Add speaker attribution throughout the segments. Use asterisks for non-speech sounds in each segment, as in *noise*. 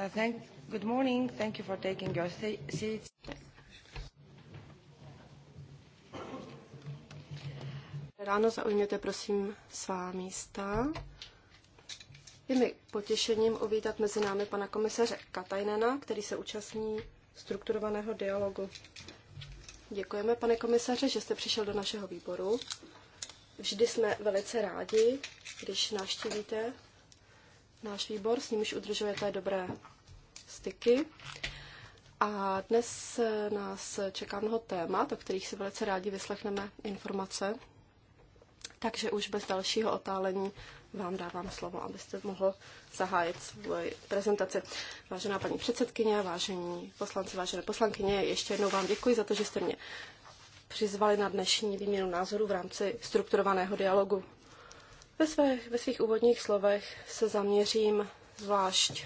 Speaker 1: Uh, thank, good morning. Thank you for taking your seats.
Speaker 2: Ráno zaujměte prosím svá místa. Je mi potěšením uvítat mezi námi pana komisaře Katajnena, který se účastní strukturovaného dialogu. Děkujeme, pane komisaře, že jste přišel do našeho výboru. Vždy jsme velice rádi, když navštívíte náš výbor, s nímž udržujete dobré styky. A dnes nás čeká mnoho témat, o kterých si velice rádi vyslechneme informace. Takže už bez dalšího otálení vám dávám slovo, abyste mohl zahájit svoji prezentaci. Vážená paní předsedkyně, vážení poslanci, vážené poslankyně, ještě jednou vám děkuji za to, že jste mě přizvali na dnešní výměnu názoru v rámci strukturovaného dialogu ve, své, ve svých úvodních slovech se zaměřím zvlášť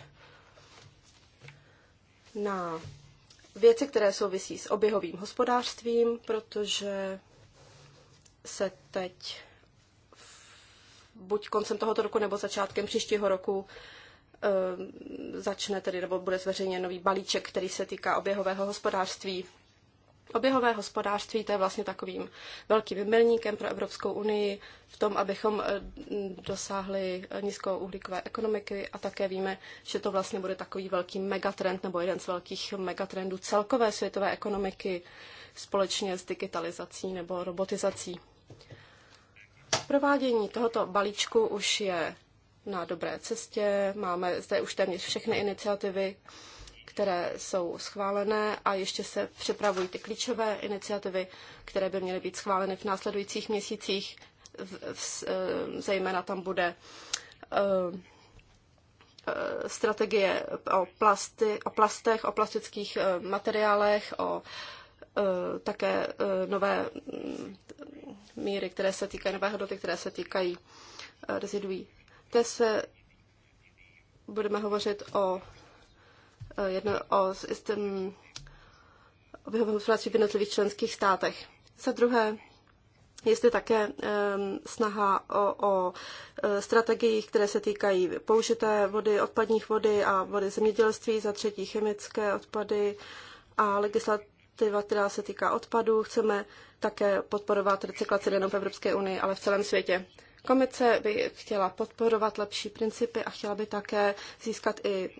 Speaker 2: na věci, které souvisí s oběhovým hospodářstvím, protože se teď buď koncem tohoto roku nebo začátkem příštího roku eh, začne tedy, nebo bude zveřejněn nový balíček, který se týká oběhového hospodářství. Oběhové hospodářství to je vlastně takovým velkým milníkem pro Evropskou unii v tom, abychom eh, dosáhli eh, nízkouhlíkové ekonomiky a také víme, že to vlastně bude takový velký megatrend nebo jeden z velkých megatrendů celkové světové ekonomiky společně s digitalizací nebo robotizací. Provádění tohoto balíčku už je na dobré cestě, máme zde už téměř všechny iniciativy, které jsou schválené a ještě se připravují ty klíčové iniciativy, které by měly být schváleny v následujících měsících. V, v, eh, zejména tam bude uh, strategie o, plasty, o plastech, o plastických materiálech, o také nové mm, míry, které se týkají, nové hodnoty, které se týkají reziduí. Teď se budeme hovořit o Eh, jedno, o oběhovém hospodářství v jednotlivých členských státech. Za druhé, jestli také um, snaha o, o eh, strategii, které se týkají použité vody, odpadních vody a vody zemědělství, za třetí chemické odpady a legislativa, která se týká odpadů. Chceme také podporovat recyklaci nejen v Evropské unii, ale v celém světě. Komice by chtěla podporovat lepší principy a chtěla by také získat i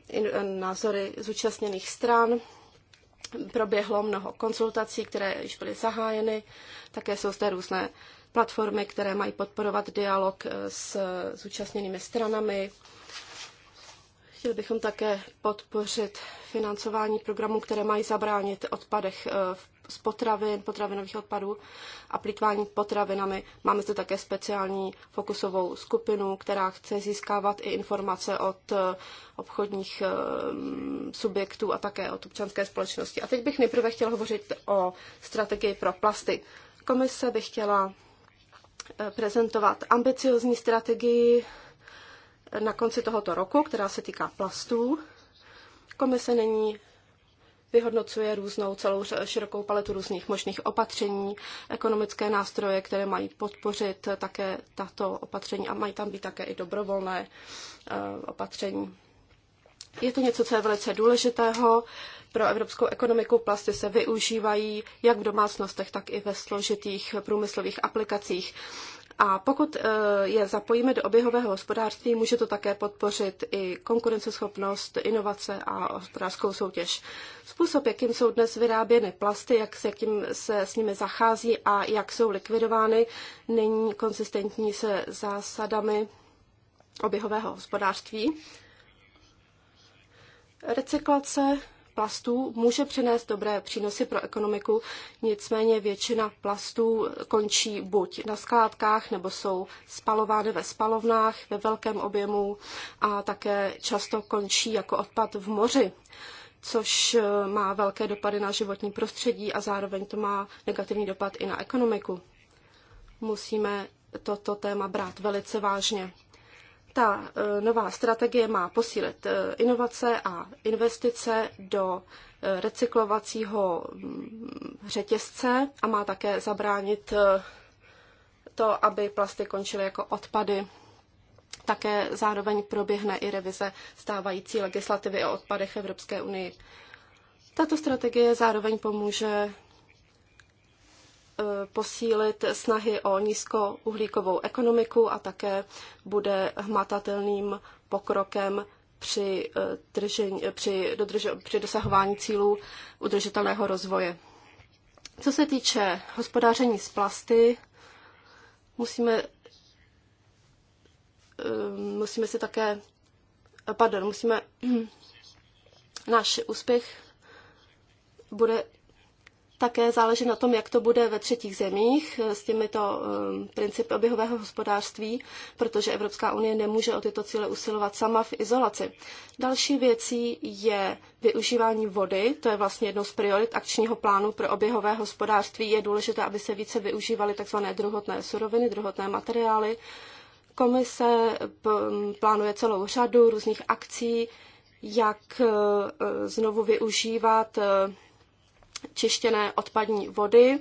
Speaker 2: názory zúčastněných stran. Proběhlo mnoho konzultací, které již byly zahájeny. Také jsou zde různé platformy, které mají podporovat dialog eh, s zúčastněnými stranami. Chtěli bychom také podpořit financování programů, které mají zabránit odpadech eh, v z potravin, potravinových odpadů a plitvání potravinami. Máme zde také speciální fokusovou skupinu, která chce získávat i informace od eh, obchodních eh, mm, subjektů a také od občanské společnosti. A teď bych nejprve chtěla hovořit o strategii pro plasty. Komise by chtěla eh, prezentovat ambiciozní strategii na konci tohoto roku, která se týká plastů. Komise není vyhodnocuje různou celou širokou paletu různých možných opatření, ekonomické nástroje, které mají podpořit také tato opatření a mají tam být také i dobrovolné eh, opatření. Je to něco, co je velice důležitého. Pro evropskou ekonomiku plasty se využívají jak v domácnostech, tak i ve složitých průmyslových aplikacích. A pokud e, je zapojíme do oběhového hospodářství, může to také podpořit i konkurenceschopnost, inovace a hospodářskou soutěž. Způsob, jakým jsou dnes vyráběny plasty, jak se, jakým se s nimi zachází a jak jsou likvidovány, není konsistentní se zásadami oběhového hospodářství. Recyklace plastů může přinést dobré přínosy pro ekonomiku, nicméně většina plastů končí buď na skládkách, nebo jsou spalovány ve spalovnách ve velkém objemu a také často končí jako odpad v moři což eh, má velké dopady na životní prostředí a zároveň to má negativní dopad i na ekonomiku. Musíme toto téma brát velice vážně. Ta eh, nová strategie má posílit eh, inovace a investice do eh, recyklovacího mm, řetězce a má také zabránit to, aby plasty končily jako odpady. Také zároveň proběhne i revize stávající legislativy o odpadech Evropské unii. Tato strategie zároveň pomůže Eh, posílit snahy o nízkouhlíkovou ekonomiku a také bude hmatatelným pokrokem při, eh, držení, při, dodrž, při dosahování cílů udržitelného rozvoje. Co se týče hospodáření s plasty, musíme, eh, musíme si také, pardon, musíme, *clears throat* náš úspěch bude také záleží na tom, jak to bude ve třetích zemích eh, s těmito eh, principy oběhového hospodářství, protože Evropská unie nemůže o tyto cíle usilovat sama v izolaci. Další věcí je využívání vody, to je vlastně jednou z priorit akčního plánu pro oběhové hospodářství. Je důležité, aby se více využívaly tzv. druhotné suroviny, druhotné materiály. Komise plánuje celou řadu různých akcí, jak eh, znovu využívat čištěné odpadní vody.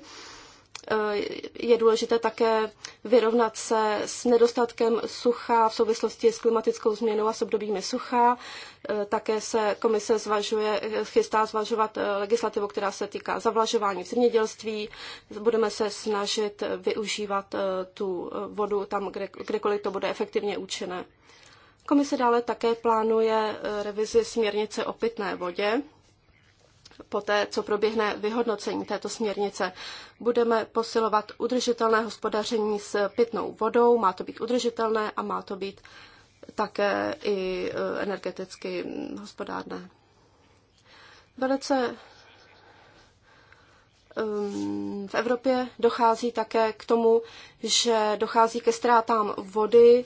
Speaker 2: Eh, je důležité také vyrovnat se s nedostatkem sucha v souvislosti s klimatickou změnou a s obdobími sucha. Eh, také se komise zvažuje, chystá zvažovat eh, legislativu, která se týká zavlažování v zemědělství. Budeme se snažit využívat tu vodu tam, kde, kdekoliv to bude efektivně účinné. Komise dále také plánuje revizi směrnice o pitné vodě poté, co proběhne vyhodnocení této směrnice. Budeme posilovat udržitelné hospodaření s pitnou vodou, má to být udržitelné a má to být také i e, energeticky hospodárné. Velice v Evropě dochází také k tomu, že dochází ke ztrátám vody e,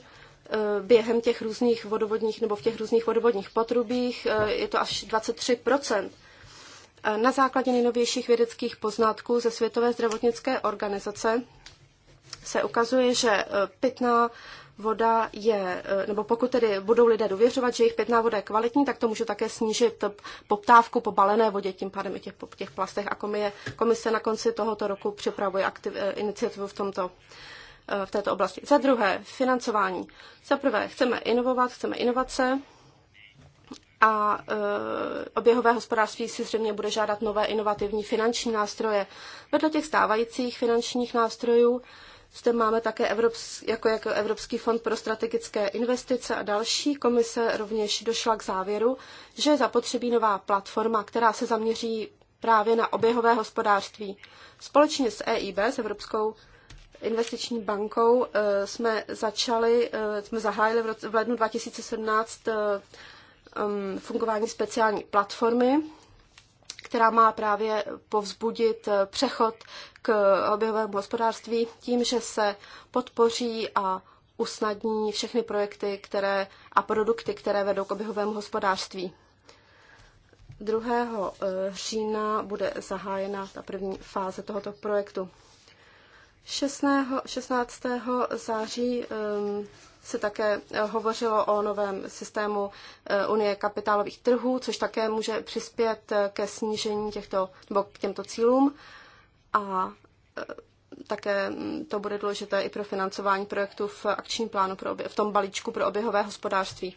Speaker 2: během těch různých vodovodních nebo v těch různých vodovodních potrubích. E, je to až 23 na základě nejnovějších vědeckých poznatků ze Světové zdravotnické organizace se ukazuje, že e, pitná voda je, e, nebo pokud tedy budou lidé důvěřovat, že jejich pitná voda je kvalitní, tak to může také snížit poptávku po balené vodě, tím pádem i těch, těch plastech. A komise, komise na konci tohoto roku připravuje aktiv, e, iniciativu v tomto v této oblasti. Za druhé, financování. Za prvé, chceme inovovat, chceme inovace, a e, oběhové hospodářství si zřejmě bude žádat nové inovativní finanční nástroje. Vedle těch stávajících finančních nástrojů zde máme také Evropský, jako, jako Evropský fond pro strategické investice a další. Komise rovněž došla k závěru, že je zapotřebí nová platforma, která se zaměří právě na oběhové hospodářství. Společně s EIB, s Evropskou investiční bankou, e, jsme začali, e, jsme zahájili v, roce, v lednu 2017 e, um, fungování speciální platformy, která má právě povzbudit eh, přechod k oběhovému hospodářství tím, že se podpoří a usnadní všechny projekty které, a produkty, které vedou k oběhovému hospodářství. 2. Eh, října bude zahájena ta první fáze tohoto projektu. 16. září ehm, se také eh, hovořilo o novém systému eh, Unie kapitálových trhů, což také může přispět eh, ke snížení těchto, nebo k těmto cílům. A také mm, to bude důležité i pro financování projektů v akčním plánu, pro obě, v tom balíčku pro oběhové hospodářství.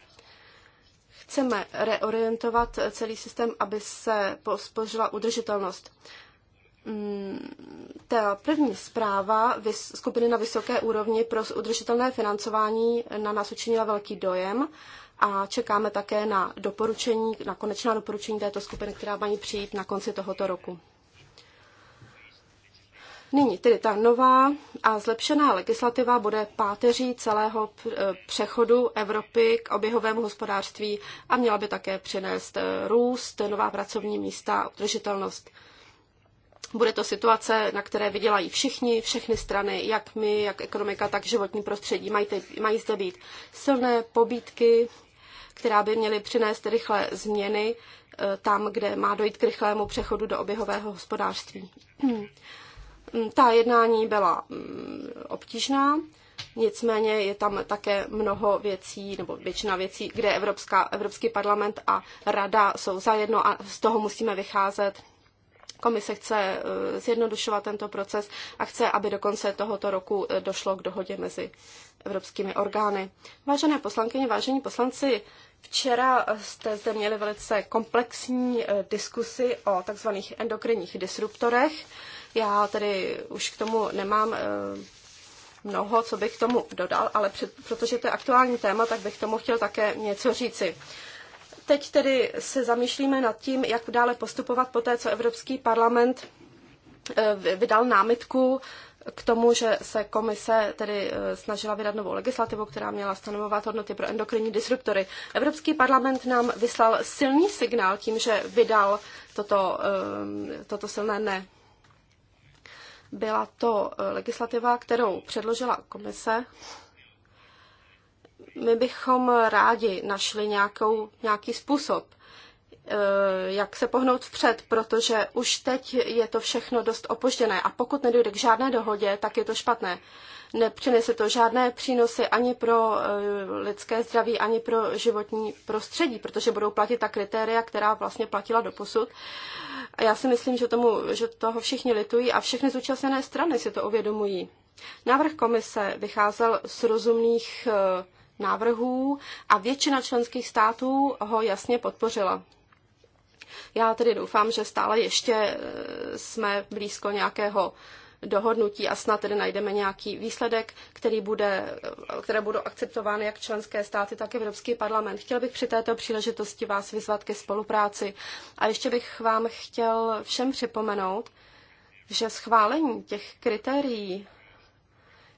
Speaker 2: Chceme reorientovat celý systém, aby se pospořila udržitelnost. Mm, ta první zpráva skupiny na vysoké úrovni pro udržitelné financování na nás učinila velký dojem a čekáme také na doporučení, na konečná doporučení této skupiny, která mají přijít na konci tohoto roku. Nyní tedy ta nová a zlepšená legislativa bude páteří celého eh, přechodu Evropy k oběhovému hospodářství a měla by také přinést eh, růst, nová pracovní místa, udržitelnost. Bude to situace, na které vydělají všichni, všechny strany, jak my, jak ekonomika, tak životní prostředí. Mají, te, mají zde být silné pobídky, která by měly přinést rychlé změny eh, tam, kde má dojít k rychlému přechodu do oběhového hospodářství. *clears throat* Ta jednání byla mm, obtížná, Nicméně je tam také mnoho věcí, nebo většina věcí, kde Evropská, Evropský parlament a Rada jsou zajedno a z toho musíme vycházet. Komise chce eh, zjednodušovat tento proces a chce, aby do konce tohoto roku eh, došlo k dohodě mezi evropskými orgány. Vážené poslankyně, vážení poslanci, Včera eh, jste zde měli velice komplexní diskusy o takzvaných endokrinních disruptorech. Já tedy už k tomu nemám mnoho, co bych k tomu dodal, ale před, protože to je aktuální téma, tak bych k tomu chtěl také něco říci. Teď tedy se zamýšlíme nad tím, jak dále postupovat po té, co Evropský parlament eh, vydal námitku k tomu, že se komise tedy eh, snažila vydat novou legislativu, která měla stanovovat hodnoty pro endokrinní disruptory. Evropský parlament nám vyslal silný signál tím, že vydal toto, eh, toto silné ne. Byla to legislativa, kterou předložila komise my bychom rádi našli nějakou, nějaký způsob, eh, jak se pohnout vpřed, protože už teď je to všechno dost opožděné a pokud nedojde k žádné dohodě, tak je to špatné. Nepřinese to žádné přínosy ani pro eh, lidské zdraví, ani pro životní prostředí, protože budou platit ta kritéria, která vlastně platila do posud. A já si myslím, že, tomu, že toho všichni litují a všechny zúčastněné strany si to uvědomují. Návrh komise vycházel z rozumných uh, návrhů a většina členských států ho jasně podpořila. Já tedy doufám, že stále ještě e, jsme blízko nějakého dohodnutí a snad tedy najdeme nějaký výsledek, který bude, e, které budou akceptovány jak členské státy, tak Evropský parlament. Chtěl bych při této příležitosti vás vyzvat ke spolupráci a ještě bych vám chtěl všem připomenout, že schválení těch kritérií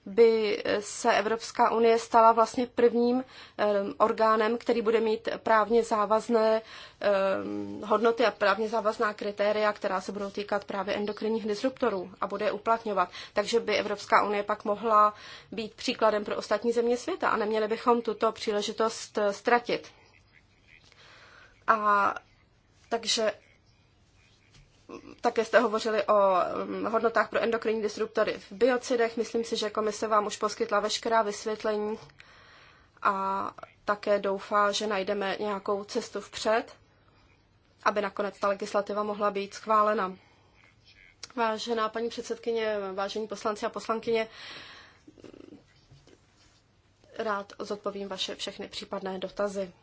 Speaker 2: by se Evropská unie stala vlastně prvním ehm, orgánem, který bude mít právně závazné ehm, hodnoty a právně závazná kritéria, která se budou týkat právě endokrinních disruptorů a bude je uplatňovat. Takže by Evropská unie pak mohla být příkladem pro ostatní země světa a neměli bychom tuto příležitost eh, ztratit. A takže také jste hovořili o mm, hodnotách pro endokrinní disruptory v biocidech. Myslím si, že komise vám už poskytla veškerá vysvětlení a také doufá, že najdeme nějakou cestu vpřed, aby nakonec ta legislativa mohla být schválena. Vážená paní předsedkyně, vážení poslanci a poslankyně, rád zodpovím vaše všechny případné dotazy.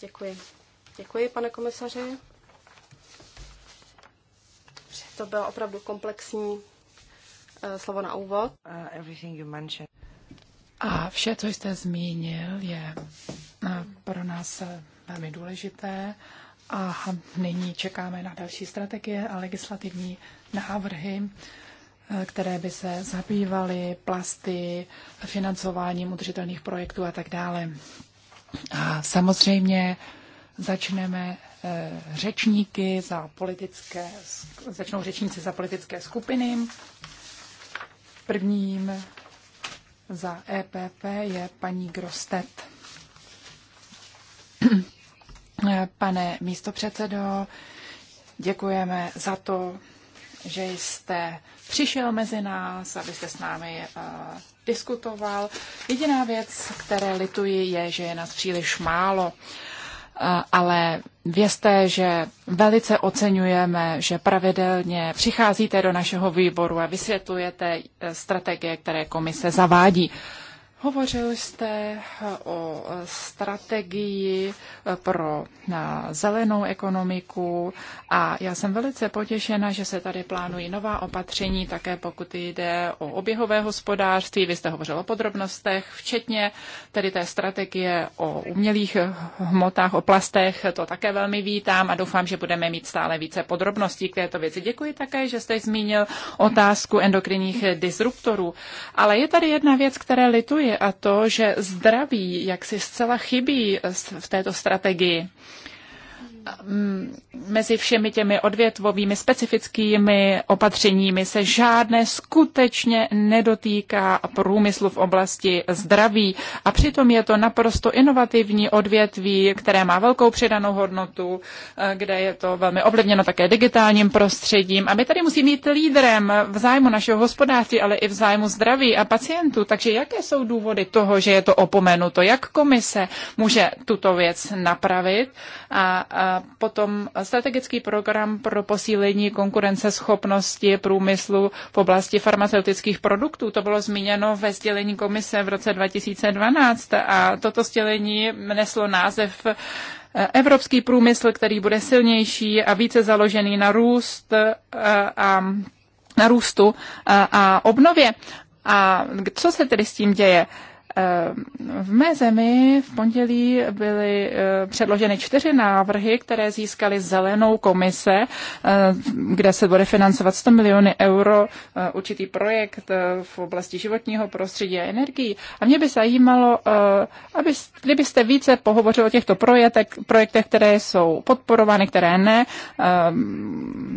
Speaker 2: Děkuji. Děkuji, pane komisaři to bylo opravdu komplexní eh, slovo na úvod. Uh, a
Speaker 3: vše, co jste zmínil, je eh, pro nás eh, velmi důležité a nyní čekáme na další strategie a legislativní návrhy, které by se zabývaly plasty, financováním udržitelných projektů a tak dále. A samozřejmě začneme Eh, řečníky za politické, začnou řečníci za politické skupiny. Prvním za EPP je paní Grostet. Eh, pane místopředsedo, děkujeme za to, že jste přišel mezi nás, abyste s námi uh, diskutoval. Jediná věc, které lituji, je, že je nás příliš málo. Uh, Eh, ale vězte, že velice oceňujeme, že pravidelně přicházíte do našeho výboru a vysvětlujete eh, strategie, které komise zavádí. Hovořil jste eh, o eh, strategii eh, pro zelenou ekonomiku a já jsem velice potěšena, že se tady plánují nová opatření, také pokud jde o oběhové hospodářství. Vy jste hovořil o podrobnostech, včetně tedy té strategie o umělých hmotách, o plastech. To také velmi vítám a doufám, že budeme mít stále více podrobností k této věci. Děkuji také, že jste zmínil otázku endokrinních disruptorů. Ale je tady jedna věc, které lituji a to, že zdraví jaksi zcela chybí v této strategii. Mm, mezi všemi těmi odvětvovými specifickými opatřeními se žádné skutečně nedotýká průmyslu v oblasti zdraví. A přitom je to naprosto inovativní odvětví, které má velkou přidanou hodnotu, eh, kde je to velmi ovlivněno také digitálním prostředím. A my tady musíme být lídrem v zájmu našeho hospodářství, ale i v zájmu zdraví a pacientů. Takže jaké jsou důvody toho, že je to opomenuto? Jak komise může tuto věc napravit? A, a potom strategický program pro posílení konkurenceschopnosti průmyslu v oblasti farmaceutických produktů. To bylo zmíněno ve sdělení komise v roce 2012 a toto sdělení neslo název eh, Evropský průmysl, který bude silnější a více založený na růst eh, a na růstu eh, a obnově. A co se tedy s tím děje? Eh, v mé zemi v pondělí byly eh, předloženy čtyři návrhy, které získaly zelenou komise, eh, kde se bude financovat 100 miliony euro určitý projekt v oblasti životního prostředí a energií. A mě by zajímalo, aby, kdybyste více pohovořil o těchto projektech, projektech, které jsou podporovány, které ne,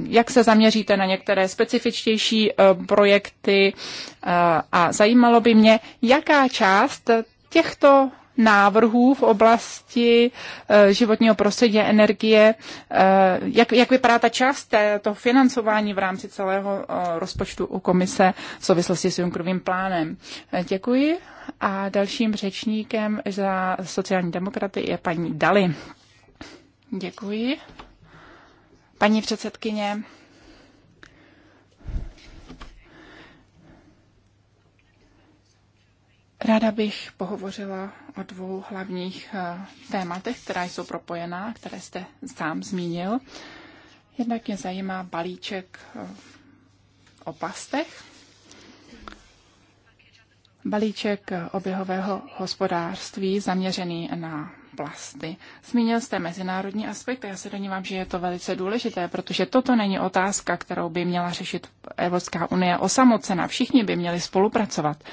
Speaker 3: jak se zaměříte na některé specifičtější projekty a zajímalo by mě, jaká část účast těchto návrhů v oblasti eh, životního prostředí a energie. Eh, jak, jak vypadá ta část to financování v rámci celého eh, rozpočtu u komise v souvislosti s Junckerovým plánem? Děkuji. A dalším řečníkem za sociální demokraty je paní Dali. Děkuji. Paní předsedkyně, Ráda bych pohovořila o dvou hlavních eh, tématech, která jsou propojená, které jste sám zmínil. Jednak mě zajímá balíček eh, o pastech, balíček eh, oběhového hospodářství zaměřený na plasty. Zmínil jste mezinárodní aspekt a já se domnívám, že je to velice důležité, protože toto není otázka, kterou by měla řešit Evropská unie osamocena. Všichni by měli spolupracovat.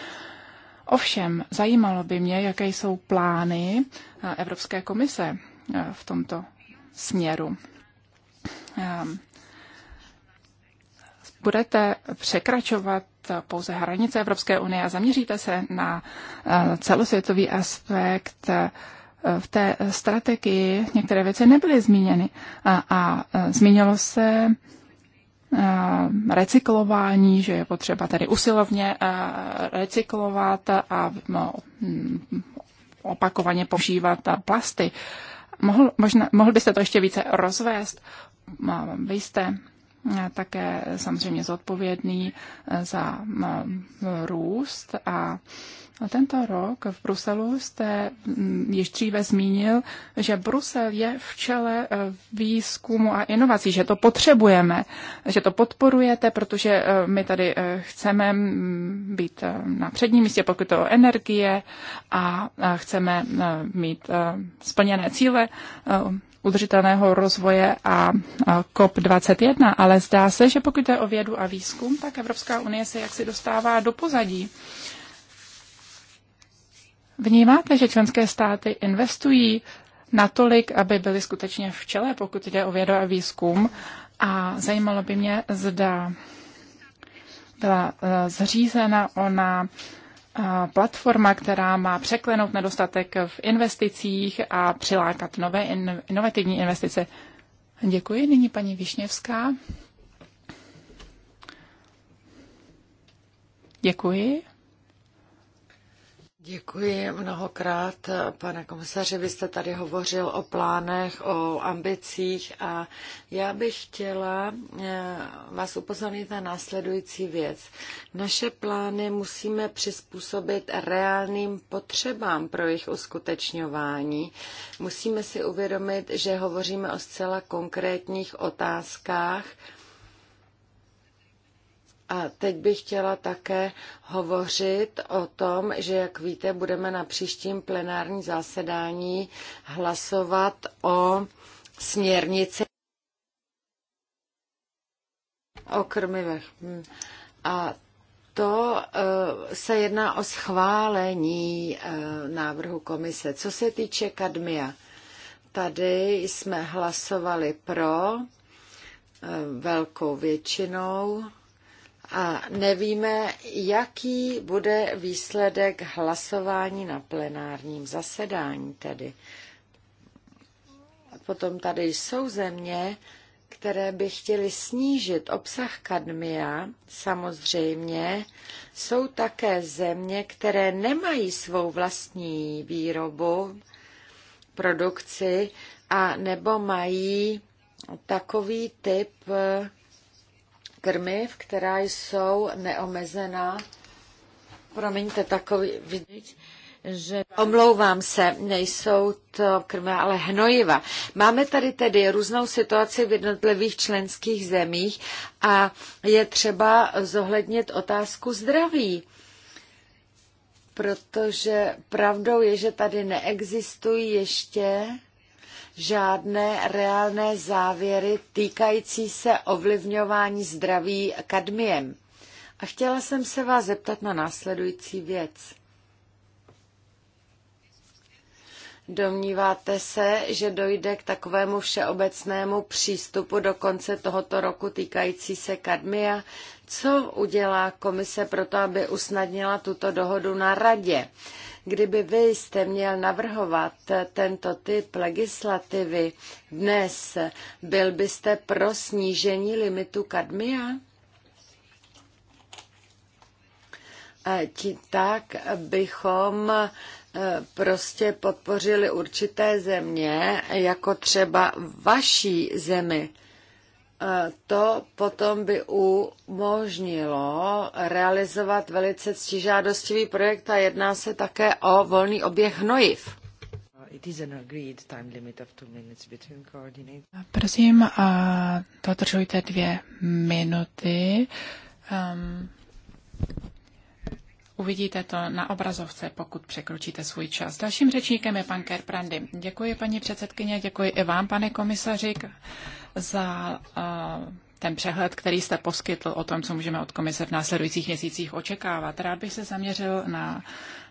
Speaker 3: Ovšem, zajímalo by mě, jaké jsou plány eh, Evropské komise eh, v tomto směru. Ehm, budete překračovat pouze hranice Evropské unie a zaměříte se na eh, celosvětový aspekt v té strategii některé věci nebyly zmíněny a, a zmínilo se Eh, recyklování, že je potřeba tady usilovně eh, recyklovat a no, mm, opakovaně používat eh, plasty. Mohl, možná, mohl byste to ještě více rozvést? No, vy jste také samozřejmě zodpovědný za mm, růst a a Tento rok v Bruselu jste mm, již dříve zmínil, že Brusel je v čele e, výzkumu a inovací, že to potřebujeme, že to podporujete, protože e, my tady e, chceme mm, být na předním místě, pokud to o energie a chceme mít splněné cíle udržitelného rozvoje a COP21, ale zdá se, že pokud je o vědu a výzkum, tak Evropská unie se jaksi dostává do pozadí. Vnímáte, že členské státy investují natolik, aby byly skutečně v čele, pokud jde o vědu a výzkum? A zajímalo by mě, zda byla eh, zřízena ona eh, platforma, která má překlenout nedostatek v investicích a přilákat nové inovativní investice. Děkuji. Nyní paní Višněvská. Děkuji.
Speaker 1: Děkuji mnohokrát, pane komisaři. Vy jste tady hovořil o plánech, o ambicích a já bych chtěla eh, vás upozornit na následující věc. Naše plány musíme přizpůsobit reálným potřebám pro jejich uskutečňování. Musíme si uvědomit, že hovoříme o zcela konkrétních otázkách, a teď bych chtěla také hovořit o tom, že, jak víte, budeme na příštím plenární zasedání hlasovat o směrnici o krmivech. A to eh, se jedná o schválení eh, návrhu komise. Co se týče kadmia, tady jsme hlasovali pro eh, velkou většinou a nevíme, jaký bude výsledek hlasování na plenárním zasedání tedy. Potom tady jsou země, které by chtěly snížit obsah kadmia, samozřejmě, jsou také země, které nemají svou vlastní výrobu, produkci, a nebo mají takový typ krmiv, která jsou neomezená. Promiňte, takový, vidět, že omlouvám se, nejsou to krmiva, ale hnojiva. Máme tady tedy různou situaci v jednotlivých členských zemích a je třeba zohlednit otázku zdraví. Protože pravdou je, že tady neexistují ještě žádné reálné závěry týkající se ovlivňování zdraví kadmiem. A chtěla jsem se vás zeptat na následující věc. Domníváte se, že dojde k takovému všeobecnému přístupu do konce tohoto roku týkající se kadmia? Co udělá komise pro to, aby usnadnila tuto dohodu na radě? Kdyby vy jste měl navrhovat tento typ legislativy dnes, byl byste pro snížení limitu kadmia? Tak bychom e, prostě podpořili určité země, jako třeba vaší zemi to potom by umožnilo realizovat velice ctižádostivý projekt a jedná se také o volný oběh hnojiv.
Speaker 3: Prosím, a uh, dodržujte dvě minuty. Um, uvidíte to na obrazovce, pokud překročíte svůj čas. Dalším řečníkem je pan Kerprandy. Děkuji, paní předsedkyně, děkuji i vám, pane komisaři za eh, ten přehled, který jste poskytl o tom, co můžeme od komise v následujících měsících očekávat. Rád bych se zaměřil na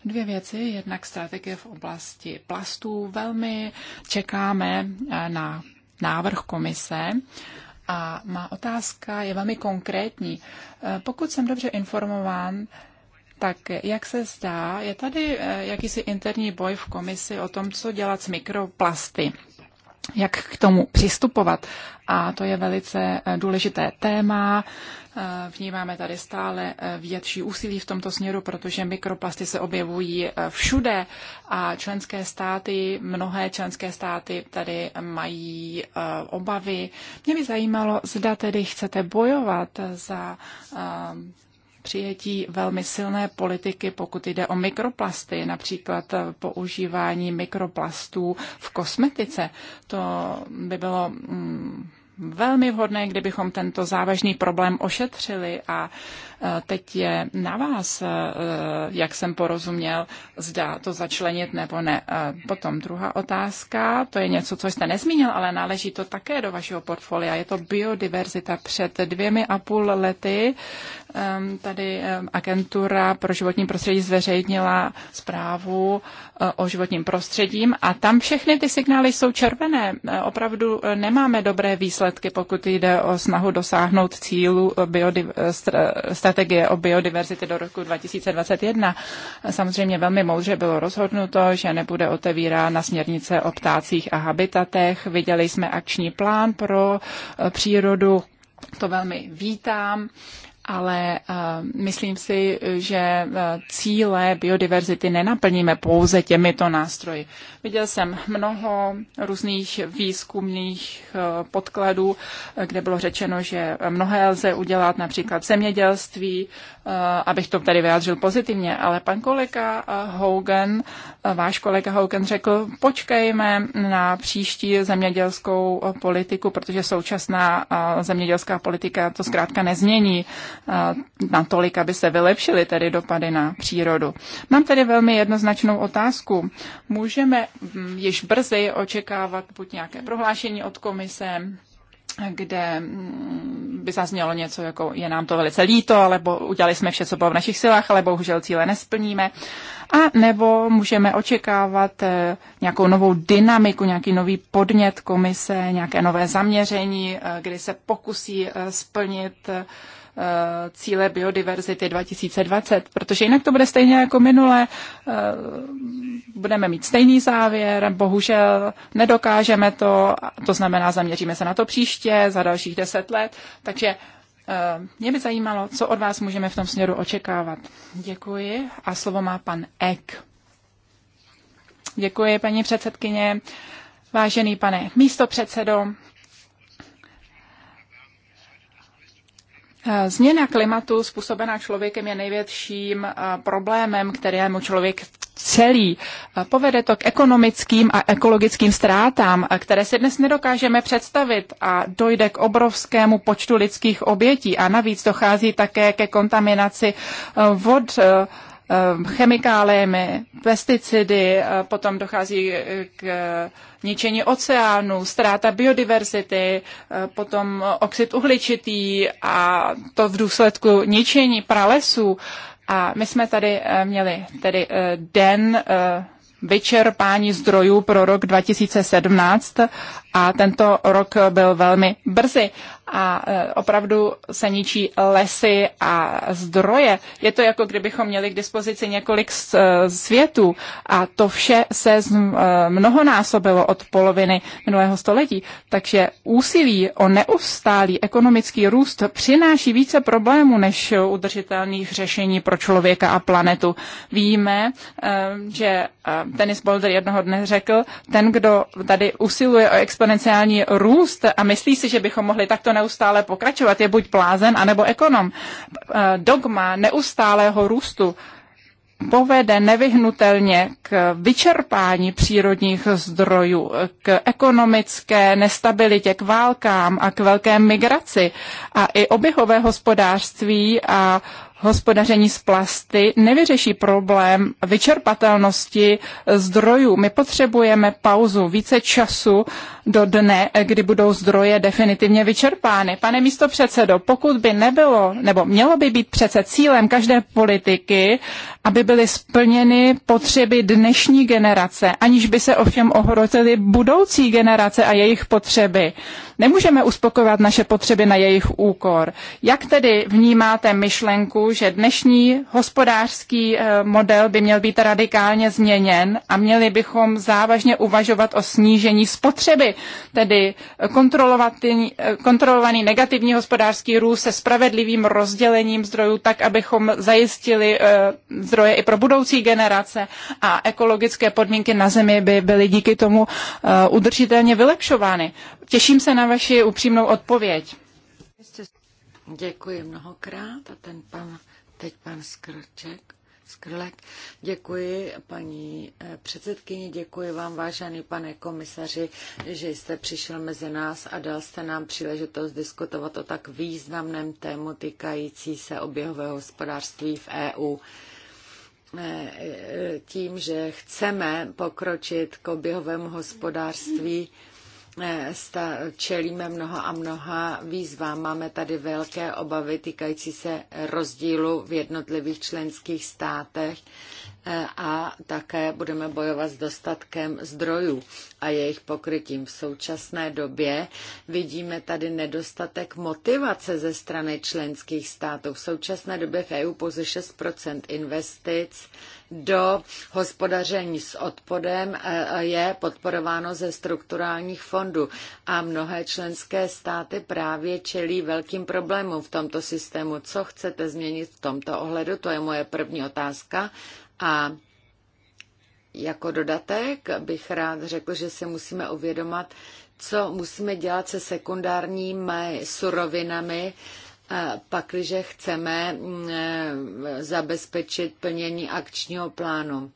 Speaker 3: dvě věci. Jednak strategie v oblasti plastů. Velmi čekáme eh, na návrh komise. A má otázka je velmi konkrétní. Eh, pokud jsem dobře informován, tak jak se zdá, je tady jakýsi interní boj v komisi o tom, co dělat s mikroplasty jak k tomu přistupovat. A to je velice eh, důležité téma. Eh, vnímáme tady stále eh, větší úsilí v tomto směru, protože mikroplasty se objevují všude a členské státy, mnohé členské státy tady mají obavy. Mě by zajímalo, zda tedy chcete bojovat za přijetí velmi silné politiky, pokud jde o mikroplasty, například používání mikroplastů v kosmetice. To by bylo mm, velmi vhodné, kdybychom tento závažný problém ošetřili a Eh, teď je na vás, eh, jak jsem porozuměl, zda to začlenit nebo ne. Eh, potom druhá otázka, to je něco, co jste nezmínil, ale náleží to také do vašeho portfolia. Je to biodiverzita před dvěmi a půl lety. Ehm, tady ehm, agentura pro životní prostředí zveřejnila zprávu o životním prostředím a tam všechny ty signály jsou červené. Opravdu nemáme dobré výsledky, pokud jde o snahu dosáhnout cílu biodiverzity strategie o biodiverzitě do roku 2021. Samozřejmě velmi moudře bylo rozhodnuto, že nebude otevírána směrnice o ptácích a habitatech. Viděli jsme akční plán pro eh, přírodu, to velmi vítám ale eh, myslím si, že eh, cíle biodiverzity nenaplníme pouze těmito nástroji. Viděl jsem mnoho různých výzkumných eh, podkladů, kde bylo řečeno, že mnohé lze udělat například v zemědělství, abych to tady vyjádřil pozitivně, ale pan kolega Hogan, váš kolega Hogan řekl, počkejme na příští zemědělskou politiku, protože současná zemědělská politika to zkrátka nezmění natolik, aby se vylepšily tedy dopady na přírodu. Mám tedy velmi jednoznačnou otázku. Můžeme mm, již brzy očekávat buď nějaké prohlášení od komise, kde mm, by zaznělo něco, jako je nám to velice líto, alebo udělali jsme vše, co bylo v našich silách, ale bohužel cíle nesplníme. A nebo můžeme očekávat e, nějakou novou dynamiku, nějaký nový podnět komise, nějaké nové zaměření, e, kdy se pokusí e, splnit Eh, cíle biodiverzity 2020, protože jinak to bude stejně jako minule. Eh, budeme mít stejný závěr, bohužel nedokážeme to, to znamená, zaměříme se na to příště, za dalších deset let, takže eh, mě by zajímalo, co od vás můžeme v tom směru očekávat. Děkuji a slovo má pan Ek. Děkuji, paní předsedkyně. Vážený pane místo předsedo, Eh, změna klimatu způsobená člověkem je největším eh, problémem, kterému člověk celý. Eh, povede to k ekonomickým a ekologickým ztrátám, které si dnes nedokážeme představit a dojde k obrovskému počtu lidských obětí a navíc dochází také ke kontaminaci vod, chemikáliemi, pesticidy, potom dochází k ničení oceánů, ztráta biodiverzity, eh, potom oxid uhličitý a to v důsledku ničení pralesů. A my jsme tady eh, měli tedy eh, den vyčerpání zdrojů pro rok 2017 a tento rok byl velmi brzy a e, opravdu se ničí lesy a zdroje. Je to jako kdybychom měli k dispozici několik e, světů a to vše se e, mnohonásobilo od poloviny minulého století. Takže úsilí o neustálý ekonomický růst přináší více problémů než udržitelných řešení pro člověka a planetu. Víme, že Dennis Boulder jednoho dne řekl, ten, kdo tady usiluje o exponenciální růst a myslí si, že bychom mohli takto neustále pokračovat. Je buď plázen, anebo ekonom. Eh, dogma neustálého růstu povede nevyhnutelně k vyčerpání přírodních zdrojů, k ekonomické nestabilitě, k válkám a k velké migraci. A i oběhové hospodářství a hospodaření s plasty nevyřeší problém vyčerpatelnosti zdrojů. My potřebujeme pauzu, více času do dne, kdy budou zdroje definitivně vyčerpány. Pane místo předsedo, pokud by nebylo, nebo mělo by být přece cílem každé politiky, aby byly splněny potřeby dnešní generace, aniž by se ovšem ohrozily budoucí generace a jejich potřeby. Nemůžeme uspokojovat naše potřeby na jejich úkor. Jak tedy vnímáte myšlenku, že dnešní hospodářský eh, model by měl být radikálně změněn a měli bychom závažně uvažovat o snížení spotřeby? tedy kontrolovaný negativní hospodářský růst se spravedlivým rozdělením zdrojů, tak abychom zajistili eh, zdroje i pro budoucí generace a ekologické podmínky na Zemi by byly díky tomu eh, udržitelně vylepšovány. Těším se na vaši upřímnou odpověď.
Speaker 1: Děkuji mnohokrát a ten pan, teď pan Skrček. Skrlek. Děkuji paní eh, předsedkyni, děkuji vám, vážený pane komisaři, že jste přišel mezi nás a dal jste nám příležitost diskutovat o tak významném tému týkající se oběhového hospodářství v EU eh, eh, tím, že chceme pokročit k oběhovému hospodářství, Eh, čelíme mnoha a mnoha výzvám. Máme tady velké obavy týkající se rozdílu v jednotlivých členských státech a také budeme bojovat s dostatkem zdrojů a jejich pokrytím. V současné době vidíme tady nedostatek motivace ze strany členských států. V současné době v EU pouze 6 investic do hospodaření s odpadem e, e, je podporováno ze strukturálních fondů a mnohé členské státy právě čelí velkým problémům v tomto systému. Co chcete změnit v tomto ohledu? To je moje první otázka. A jako dodatek bych rád řekl, že se musíme uvědomat, co musíme dělat se sekundárními surovinami, eh, pakliže chceme mm, eh, zabezpečit plnění akčního plánu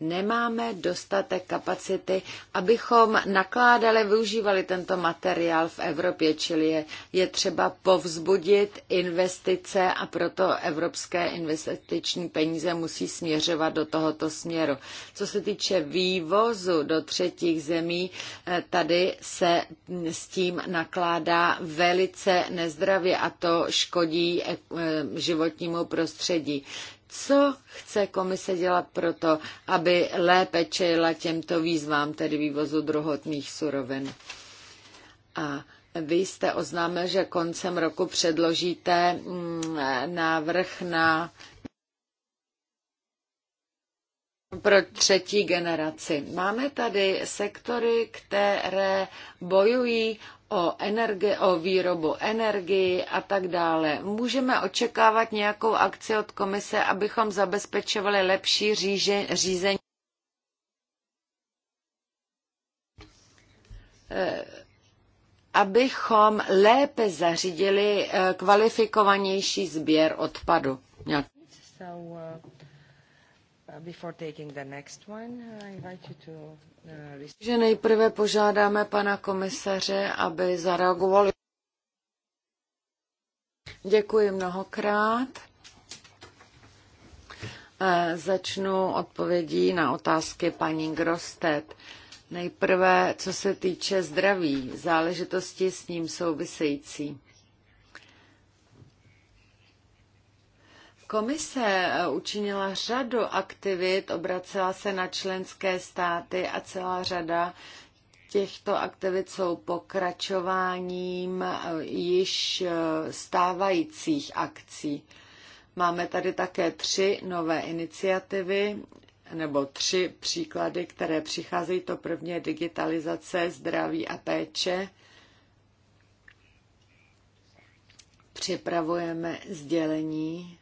Speaker 1: nemáme dostatek kapacity, abychom nakládali, využívali tento materiál v Evropě, čili je, je třeba povzbudit investice a proto evropské investiční peníze musí směřovat do tohoto směru. Co se týče vývozu do třetích zemí, eh, tady se s tím nakládá velice nezdravě a to škodí eh, eh, životnímu prostředí. Co chce komise dělat pro to, aby lépe čelila těmto výzvám, tedy vývozu druhotných surovin? A vy jste oznámil, že koncem roku předložíte mm, návrh na pro třetí generaci. Máme tady sektory, které bojují o, energi- o výrobu energii a tak dále. Můžeme očekávat nějakou akci od komise, abychom zabezpečovali lepší říže- řízení. Eh, abychom lépe zařídili eh, kvalifikovanější sběr odpadu. Nějak. Uh, Uh, uh, uh, Že nejprve požádáme pana komisaře, aby zareagoval. Děkuji mnohokrát. Eh, začnu odpovědí na otázky paní Grostet. Nejprve, co se týče zdraví, záležitosti s ním související. Komise eh, učinila řadu aktivit, obracela se na členské státy a celá řada těchto aktivit jsou pokračováním eh, již eh, stávajících akcí. Máme tady také tři nové iniciativy nebo tři příklady, které přicházejí. To první je digitalizace, zdraví a péče. Připravujeme sdělení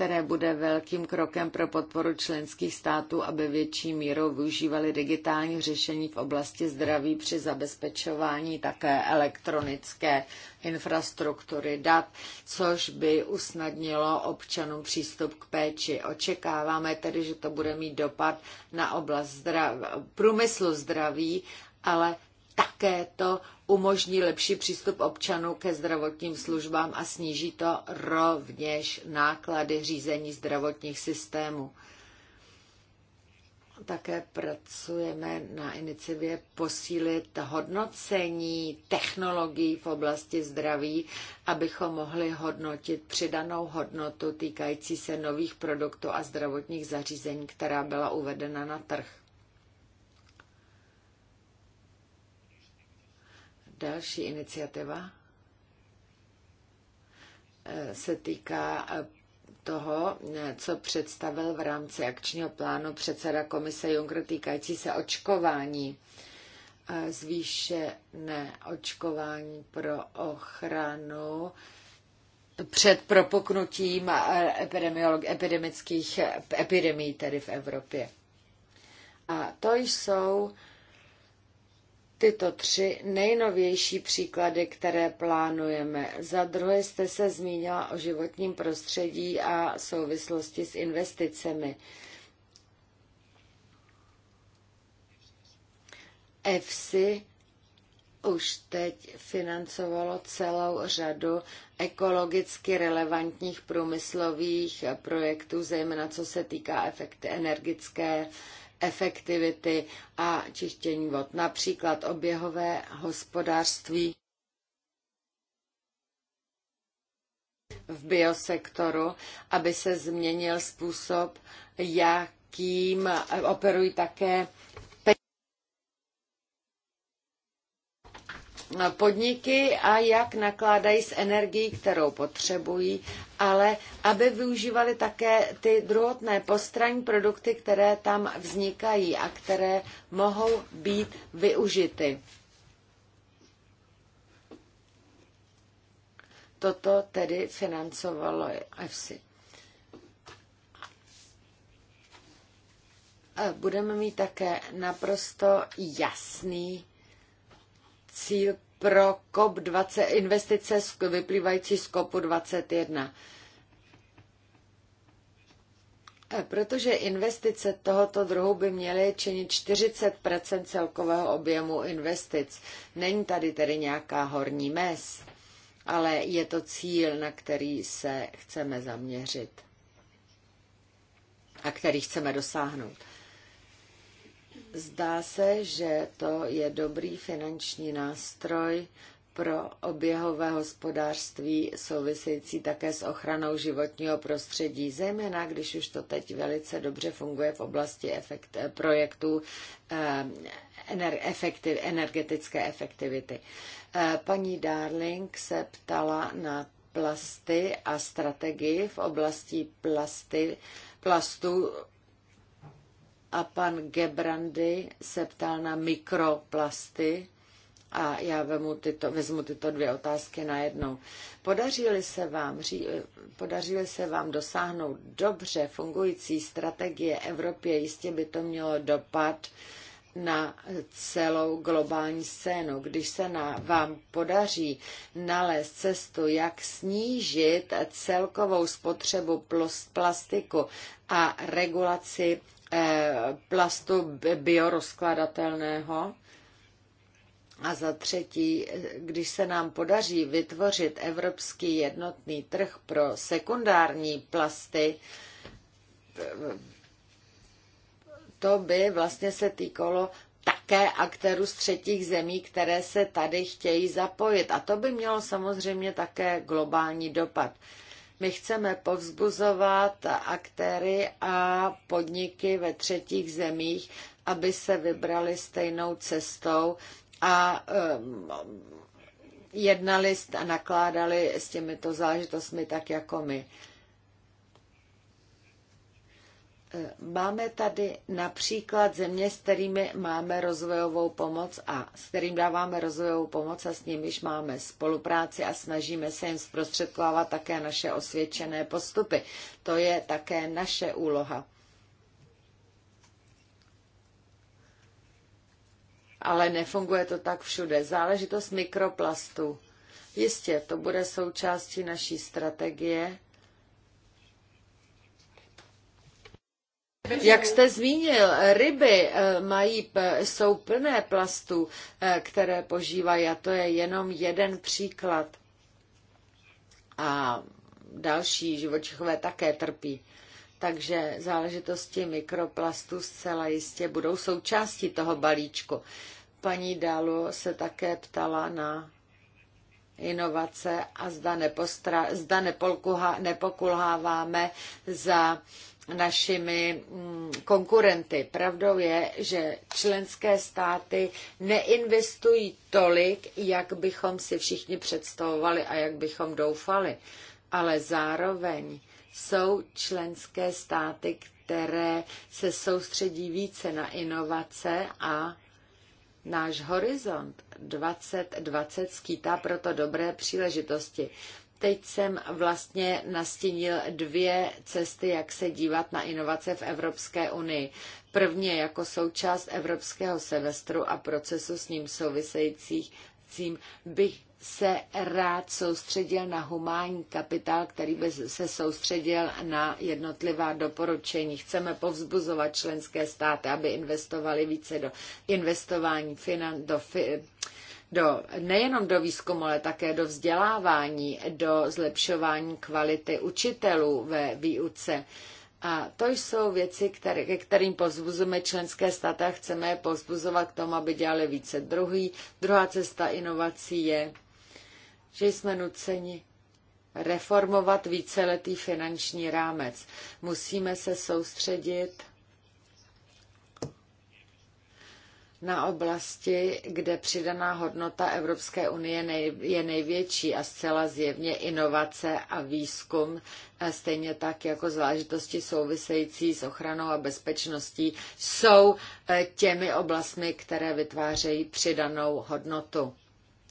Speaker 1: které bude velkým krokem pro podporu členských států, aby větší mírou využívali digitální řešení v oblasti zdraví při zabezpečování také elektronické infrastruktury dat, což by usnadnilo občanům přístup k péči. Očekáváme tedy, že to bude mít dopad na oblast zdraví, průmyslu zdraví ale také to umožní lepší přístup občanů ke zdravotním službám a sníží to rovněž náklady řízení zdravotních systémů. Také pracujeme na iniciativě posílit hodnocení technologií v oblasti zdraví, abychom mohli hodnotit přidanou hodnotu týkající se nových produktů a zdravotních zařízení, která byla uvedena na trh. Další iniciativa eh, se týká eh, toho, eh, co představil v rámci akčního plánu předseda komise Juncker týkající se očkování. Zvýšené očkování pro ochranu před propuknutím epidemických epidemí tedy v Evropě. A to jsou tyto tři nejnovější příklady, které plánujeme. Za druhé jste se zmínila o životním prostředí a souvislosti s investicemi. EFSI už teď financovalo celou řadu ekologicky relevantních průmyslových projektů, zejména co se týká efekty energetické efektivity a čištění vod, například oběhové hospodářství v biosektoru, aby se změnil způsob, jakým operují také podniky a jak nakládají s energií, kterou potřebují, ale aby využívali také ty druhotné postranní produkty, které tam vznikají a které mohou být využity. Toto tedy financovalo EFSI. Budeme mít také naprosto jasný cíl pro COP20, investice vyplývající z COP21. E, protože investice tohoto druhu by měly činit 40 celkového objemu investic. Není tady tedy nějaká horní mez, ale je to cíl, na který se chceme zaměřit a který chceme dosáhnout. Zdá se, že to je dobrý finanční nástroj pro oběhové hospodářství související také s ochranou životního prostředí, zejména když už to teď velice dobře funguje v oblasti efekt, projektů eh, ener, efektiv, energetické efektivity. Eh, paní Darling se ptala na plasty a strategii v oblasti plasty, plastu a pan Gebrandy se ptal na mikroplasty a já vemu tyto, vezmu tyto dvě otázky na jednou. Podařili se vám, ří, podařili se vám dosáhnout dobře fungující strategie Evropě, jistě by to mělo dopad na celou globální scénu. Když se na, vám podaří nalézt cestu, jak snížit celkovou spotřebu plastiku a regulaci Eh, plastu biorozkladatelného. A za třetí, když se nám podaří vytvořit evropský jednotný trh pro sekundární plasty, to by vlastně se týkalo také aktérů z třetích zemí, které se tady chtějí zapojit. A to by mělo samozřejmě také globální dopad. My chceme povzbuzovat aktéry a podniky ve třetích zemích, aby se vybrali stejnou cestou a um, jednali a nakládali s těmito zážitostmi tak jako my. Máme tady například země, s kterými máme rozvojovou pomoc a s kterým dáváme rozvojovou pomoc a s nimiž máme spolupráci a snažíme se jim zprostředkovávat také naše osvědčené postupy. To je také naše úloha. Ale nefunguje to tak všude. Záležitost mikroplastu. Jistě, to bude součástí naší strategie Jak jste zmínil, ryby eh, mají, jsou plné plastů, eh, které požívají a to je jenom jeden příklad. A další živočichové také trpí. Takže záležitosti mikroplastů zcela jistě budou součástí toho balíčku. Paní Dalu se také ptala na inovace a zda, nepostra, zda nepokulháváme za našimi mm, konkurenty. Pravdou je, že členské státy neinvestují tolik, jak bychom si všichni představovali a jak bychom doufali. Ale zároveň jsou členské státy, které se soustředí více na inovace a náš horizont 2020 skýtá proto dobré příležitosti. Teď jsem vlastně nastínil dvě cesty, jak se dívat na inovace v Evropské unii. Prvně jako součást evropského semestru a procesu s ním souvisejících cím bych se rád soustředil na humánní kapitál, který by se soustředil na jednotlivá doporučení. Chceme povzbuzovat členské státy, aby investovali více do investování finan, do fi, do, nejenom do výzkumu, ale také do vzdělávání, do zlepšování kvality učitelů ve výuce. A to jsou věci, které, ke kterým pozbuzujeme členské státy a chceme je pozbuzovat k tomu, aby dělali více. Druhý, druhá cesta inovací je, že jsme nuceni reformovat víceletý finanční rámec. Musíme se soustředit na oblasti, kde přidaná hodnota Evropské unie nej, je největší a zcela zjevně inovace a výzkum, stejně tak jako záležitosti související s ochranou a bezpečností, jsou e, těmi oblastmi, které vytvářejí přidanou hodnotu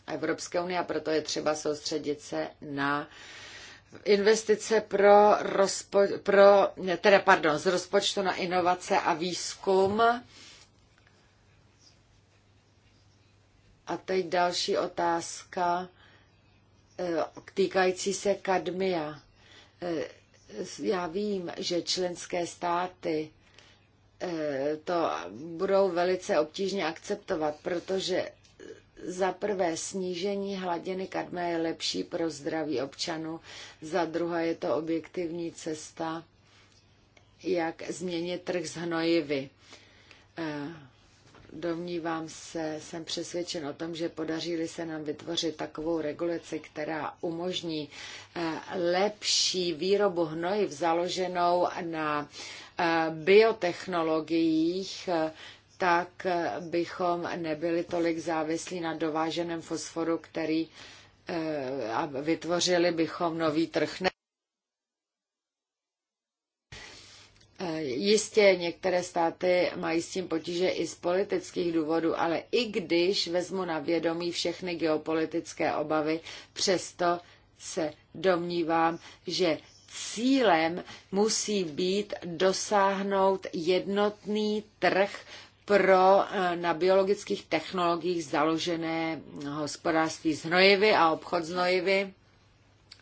Speaker 1: Evropské unie a proto je třeba soustředit se na investice pro, rozpo, pro teda pardon, z rozpočtu na inovace a výzkum A teď další otázka eh, týkající se kadmia. Eh, já vím, že členské státy eh, to budou velice obtížně akceptovat, protože za prvé snížení hladiny kadmia je lepší pro zdraví občanů, za druhé je to objektivní cesta, jak změnit trh s hnojivy. Domnívám se, jsem přesvědčen o tom, že podaří se nám vytvořit takovou regulaci, která umožní eh, lepší výrobu hnojiv založenou na eh, biotechnologiích, eh, tak bychom nebyli tolik závislí na dováženém fosforu, který a vytvořili bychom nový trh. Eh, jistě některé státy mají s tím potíže i z politických důvodů, ale i když vezmu na vědomí všechny geopolitické obavy, přesto se domnívám, že cílem musí být dosáhnout jednotný trh pro eh, na biologických technologiích založené hospodářství s hnojivy a obchod s hnojivy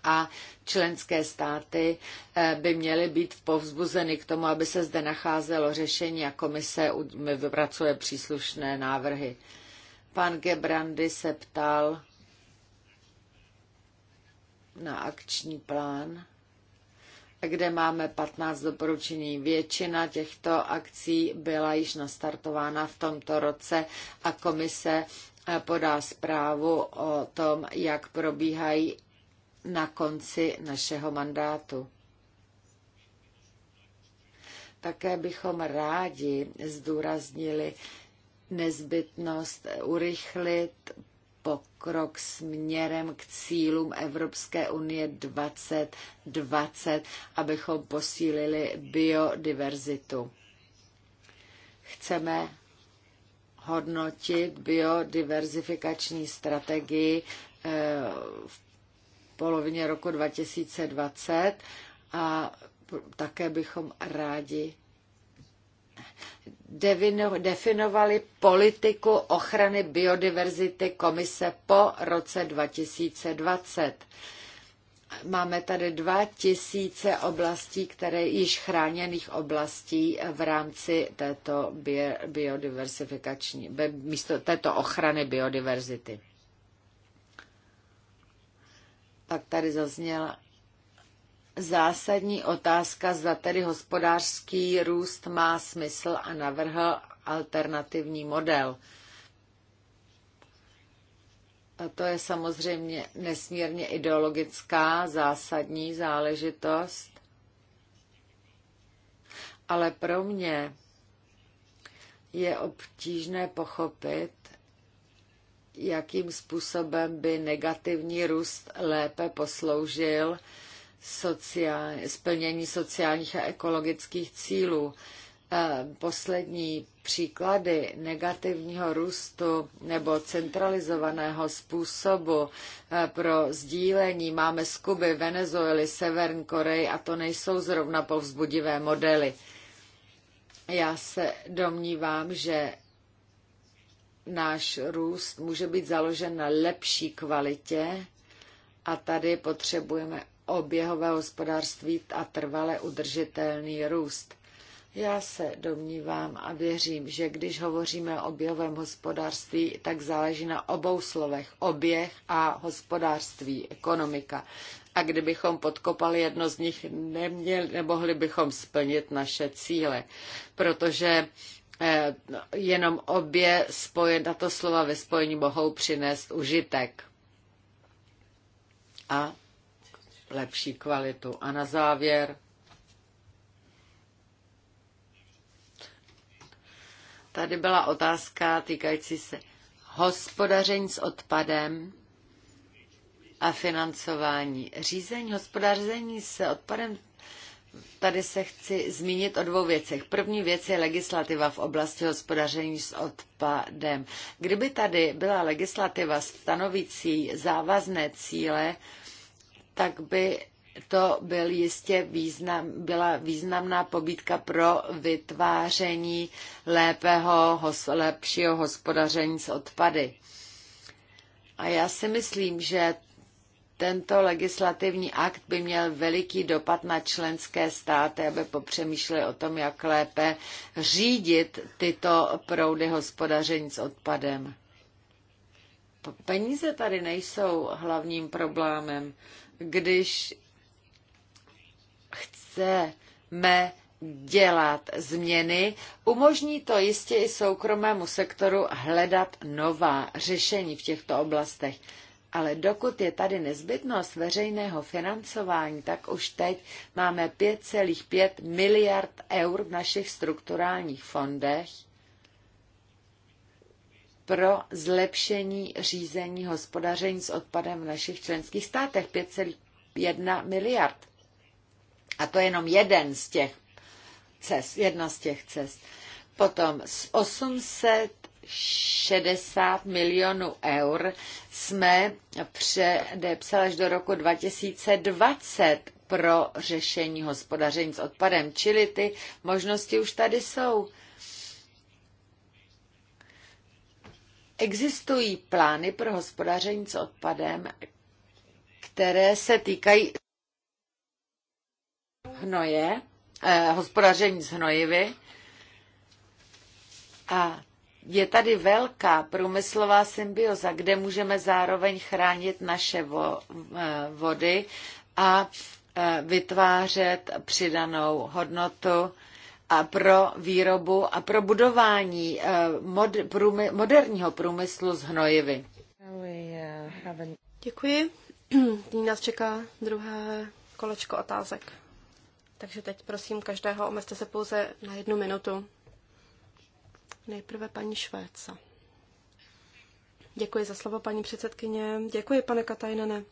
Speaker 1: a členské státy eh, by měly být povzbuzeny k tomu, aby se zde nacházelo řešení a komise vypracuje příslušné návrhy. Pan Gebrandy se ptal na akční plán kde máme 15 doporučení. Většina těchto akcí byla již nastartována v tomto roce a komise eh, podá zprávu o tom, jak probíhají na konci našeho mandátu. Také bychom rádi zdůraznili nezbytnost urychlit pokrok směrem k cílům Evropské unie 2020, abychom posílili biodiverzitu. Chceme hodnotit biodiverzifikační strategii eh, v polovině roku 2020 a také bychom rádi definovali politiku ochrany biodiverzity komise po roce 2020. Máme tady 2000 oblastí, které již chráněných oblastí v rámci této biodiversifikační, místo této ochrany biodiverzity. Pak tady zazněla zásadní otázka, zda tedy hospodářský růst má smysl a navrhl alternativní model. A to je samozřejmě nesmírně ideologická, zásadní záležitost. Ale pro mě je obtížné pochopit, jakým způsobem by negativní růst lépe posloužil sociál, splnění sociálních a ekologických cílů. E, poslední příklady negativního růstu nebo centralizovaného způsobu e, pro sdílení máme z Kuby, Venezuely, Severní Koreji a to nejsou zrovna povzbudivé modely. Já se domnívám, že náš růst může být založen na lepší kvalitě a tady potřebujeme oběhové hospodářství a trvale udržitelný růst. Já se domnívám a věřím, že když hovoříme o oběhovém hospodářství, tak záleží na obou slovech oběh a hospodářství, ekonomika. A kdybychom podkopali jedno z nich, neměli, nemohli bychom splnit naše cíle, protože Eh, no, jenom obě spojen, tato slova ve spojení mohou přinést užitek a lepší kvalitu. A na závěr tady byla otázka týkající se hospodaření s odpadem a financování. Řízení, hospodaření s odpadem tady se chci zmínit o dvou věcech. První věc je legislativa v oblasti hospodaření s odpadem. Kdyby tady byla legislativa stanovící závazné cíle, tak by to byl jistě význam, byla významná pobídka pro vytváření hos, lepšího hospodaření s odpady. A já si myslím, že tento legislativní akt by měl veliký dopad na členské státy, aby popřemýšleli o tom, jak lépe řídit tyto proudy hospodaření s odpadem. Peníze tady nejsou hlavním problémem. Když chceme dělat změny, umožní to jistě i soukromému sektoru hledat nová řešení v těchto oblastech. Ale dokud je tady nezbytnost veřejného financování, tak už teď máme 5,5 miliard eur v našich strukturálních fondech pro zlepšení řízení hospodaření s odpadem v našich členských státech. 5,1 miliard. A to je jenom jeden z těch cest, jedna z těch cest. Potom z 800 60 milionů eur jsme předepsali až do roku 2020 pro řešení hospodaření s odpadem. Čili ty možnosti už tady jsou. Existují plány pro hospodaření s odpadem, které se týkají hnoje, eh, hospodaření s hnojivy a je tady velká průmyslová symbioza, kde můžeme zároveň chránit naše eh, vody a eh, vytvářet přidanou hodnotu a pro výrobu a pro budování eh, moderního průmyslu z hnojivy.
Speaker 2: Děkuji. *clears throat* Nyní nás čeká druhé kolečko otázek. Takže teď prosím každého, omezte se pouze na jednu minutu. Nejprve paní Švéca. Děkuji za slovo, paní předsedkyně. Děkuji, pane Katajnene.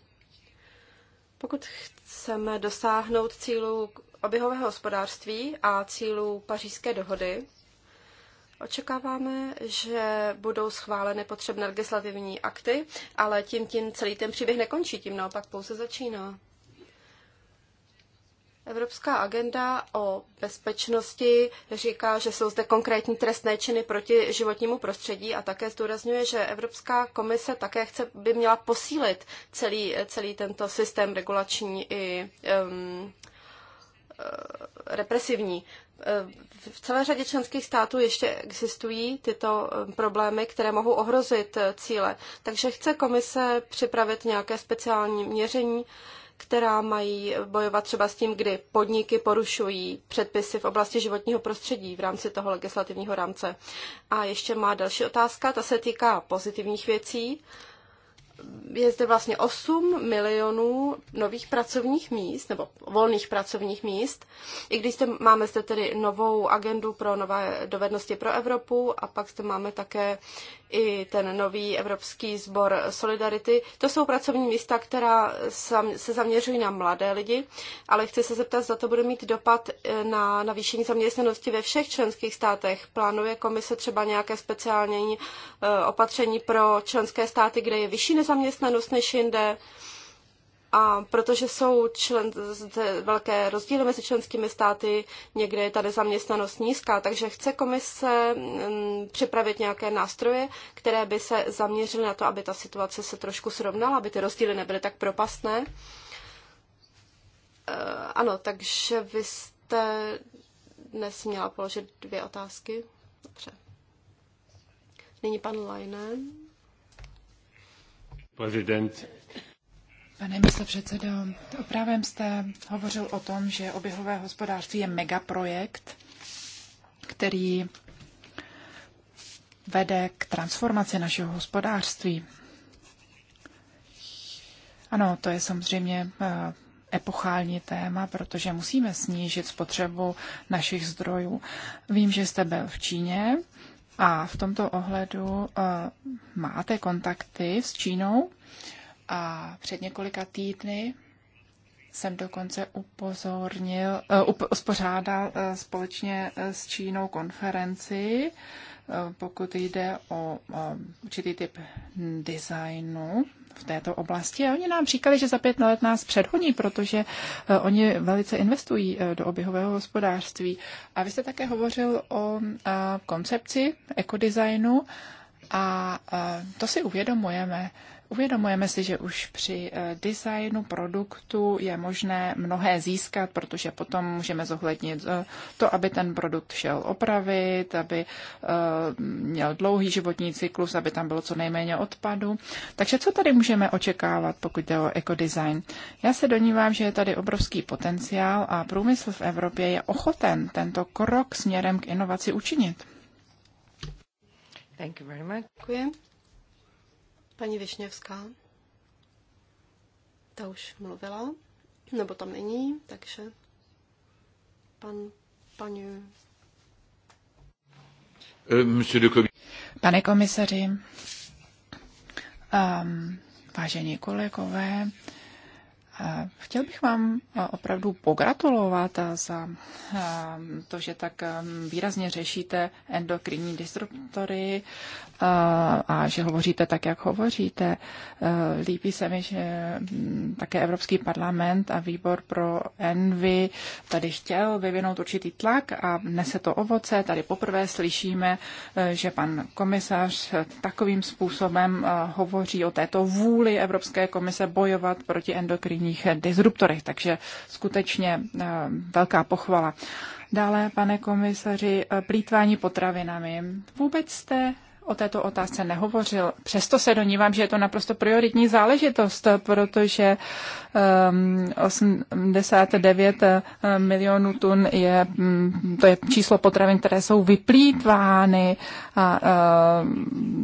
Speaker 2: Pokud chceme dosáhnout cílů oběhového hospodářství a cílů pařížské dohody, Očekáváme, že budou schváleny potřebné legislativní akty, ale tím, tím celý ten příběh nekončí, tím naopak pouze začíná. Evropská agenda o bezpečnosti říká, že jsou zde konkrétní trestné činy proti životnímu prostředí a také zdůrazňuje, že Evropská komise také chce, by měla posílit celý, celý tento systém regulační i um, represivní. Eh, v celé řadě členských států ještě existují tyto problémy, které mohou ohrozit eh, cíle. Takže chce komise připravit nějaké speciální měření, která mají bojovat třeba s tím, kdy podniky porušují předpisy v oblasti životního prostředí v rámci toho legislativního rámce. A ještě má další otázka, ta se týká pozitivních věcí je zde vlastně 8 milionů nových pracovních míst, nebo volných pracovních míst, i když zde, máme zde tedy novou agendu pro nové dovednosti pro Evropu a pak zde máme také i ten nový Evropský sbor Solidarity. To jsou pracovní místa, která se zaměřují na mladé lidi, ale chci se zeptat, zda to bude mít dopad e, na navýšení zaměstnanosti ve všech členských státech. Plánuje komise třeba nějaké speciální e, opatření pro členské státy, kde je vyšší zaměstnanost než jinde. A protože jsou člen, velké rozdíly mezi členskými státy, někde je ta nezaměstnanost nízká, takže chce komise mm, připravit nějaké nástroje, které by se zaměřily na to, aby ta situace se trošku srovnala, aby ty rozdíly nebyly tak propastné. E, ano, takže vy jste dnes měla položit dvě otázky.
Speaker 3: Dobře. Nyní pan Leinen. Pane místopředsedo, právě jste hovořil o tom, že oběhové hospodářství je megaprojekt, který vede k transformaci našeho hospodářství. Ano, to je samozřejmě eh, epochální téma, protože musíme snížit spotřebu našich zdrojů. Vím, že jste byl v Číně a v tomto ohledu eh, máte kontakty s Čínou a před několika týdny jsem dokonce upozornil, uh, uspořádal uh, společně s Čínou konferenci pokud jde o eh, určitý typ designu v této oblasti. A oni nám říkali, že za pět let nás předhoní, protože eh, oni velice investují eh, do oběhového hospodářství. A vy jste také hovořil o koncepci ekodesignu a to si uvědomujeme. Uvědomujeme si, že už při eh, designu produktu je možné mnohé získat, protože potom můžeme zohlednit eh, to, aby ten produkt šel opravit, aby eh, měl dlouhý životní cyklus, aby tam bylo co nejméně odpadu. Takže co tady můžeme očekávat, pokud jde o ekodesign? Já se donívám, že je tady obrovský potenciál a průmysl v Evropě je ochoten tento krok směrem k inovaci učinit.
Speaker 1: Thank you very much.
Speaker 2: Paní Višněvská, ta už mluvila, nebo tam není, takže pan, paní...
Speaker 4: Eh,
Speaker 3: Pane komisaři, um, vážení kolegové, Eh, chtěl bych vám eh, opravdu pogratulovat eh, za to, že tak výrazně řešíte endokrinní disruptory a že hovoříte tak, jak hovoříte. Líbí se mi, že hm, také Evropský parlament a výbor pro Envy tady chtěl vyvinout určitý tlak a nese to ovoce. Tady poprvé slyšíme, že pan komisař takovým způsobem hovoří o této vůli Evropské komise bojovat proti endokrinní kulturních disruptorech, takže skutečně eh, velká pochvala. Dále, pane komisaři, eh, plítvání potravinami. Vůbec jste o této otázce nehovořil. Přesto se donívám, že je to naprosto prioritní záležitost, protože 89 ehm, eh, milionů tun je, mm, to je číslo potravin, které jsou vyplýtvány a eh,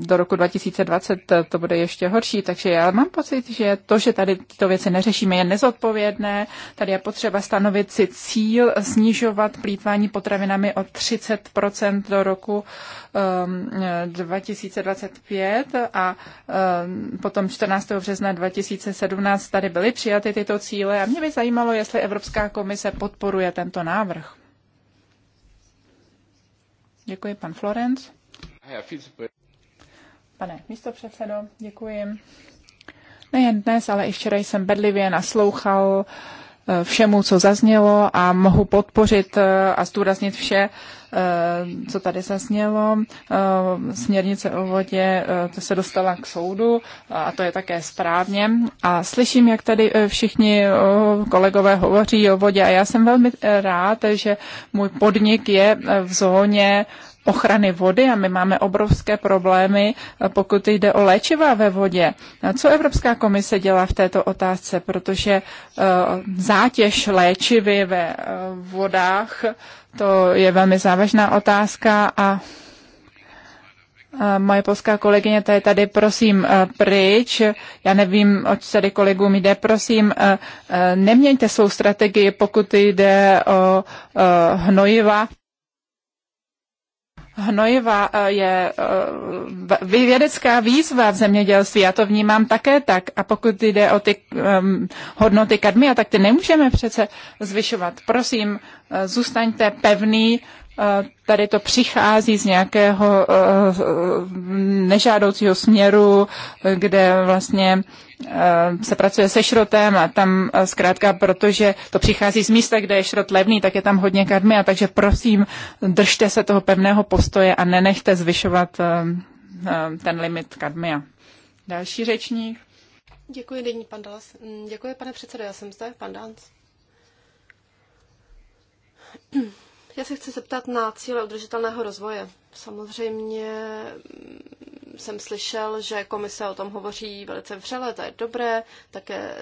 Speaker 3: do roku 2020 to bude ještě horší. Takže já mám pocit, že to, že tady tyto věci neřešíme, je nezodpovědné. Tady je potřeba stanovit si cíl snižovat plýtvání potravinami o 30 do roku 2025 um, a um, potom 14. března 2017 tady byly přijaty tyto cíle a mě by zajímalo, jestli Evropská komise podporuje tento návrh. Děkuji, pan Florenc. Pane předsedo, děkuji. Nejen dnes, ale i včera jsem bedlivě naslouchal uh, všemu, co zaznělo a mohu podpořit eh, a zdůraznit vše, eh, co tady zaznělo. Eh, směrnice o vodě to se dostala k soudu a to je také správně. A slyším, jak tady všichni kolegové hovoří o vodě a já jsem velmi rád, že můj podnik je v zóně ochrany vody a my máme obrovské problémy, eh, pokud jde o léčiva ve vodě. Co Evropská komise dělá v této otázce? Protože eh, zátěž léčivy ve eh, vodách, to je velmi závažná otázka a Moje polská kolegyně, to je tady, prosím, pryč. Já nevím, oč tady kolegům jde, prosím, neměňte svou strategii, pokud jde o hnojiva hnojiva eh, je eh, vědecká výzva v zemědělství, já to vnímám také tak. A pokud jde o ty ehm, hodnoty kadmia, tak ty nemůžeme přece zvyšovat. Prosím, eh, zůstaňte pevný, tady to přichází z nějakého eh, nežádoucího směru, kde vlastně eh, se pracuje se šrotem a tam eh, zkrátka, protože to přichází z místa, kde je šrot levný, tak je tam hodně a takže prosím, držte se toho pevného postoje a nenechte zvyšovat ten limit kadmia. Další řečník.
Speaker 2: Děkuji, denní Pandalas. Mm, děkuji, pane předsedo, já jsem zde, Pandans. Já se chci zeptat na cíle udržitelného rozvoje. Samozřejmě mm, jsem slyšel, že komise o tom hovoří velice vřele, to je dobré. Také e,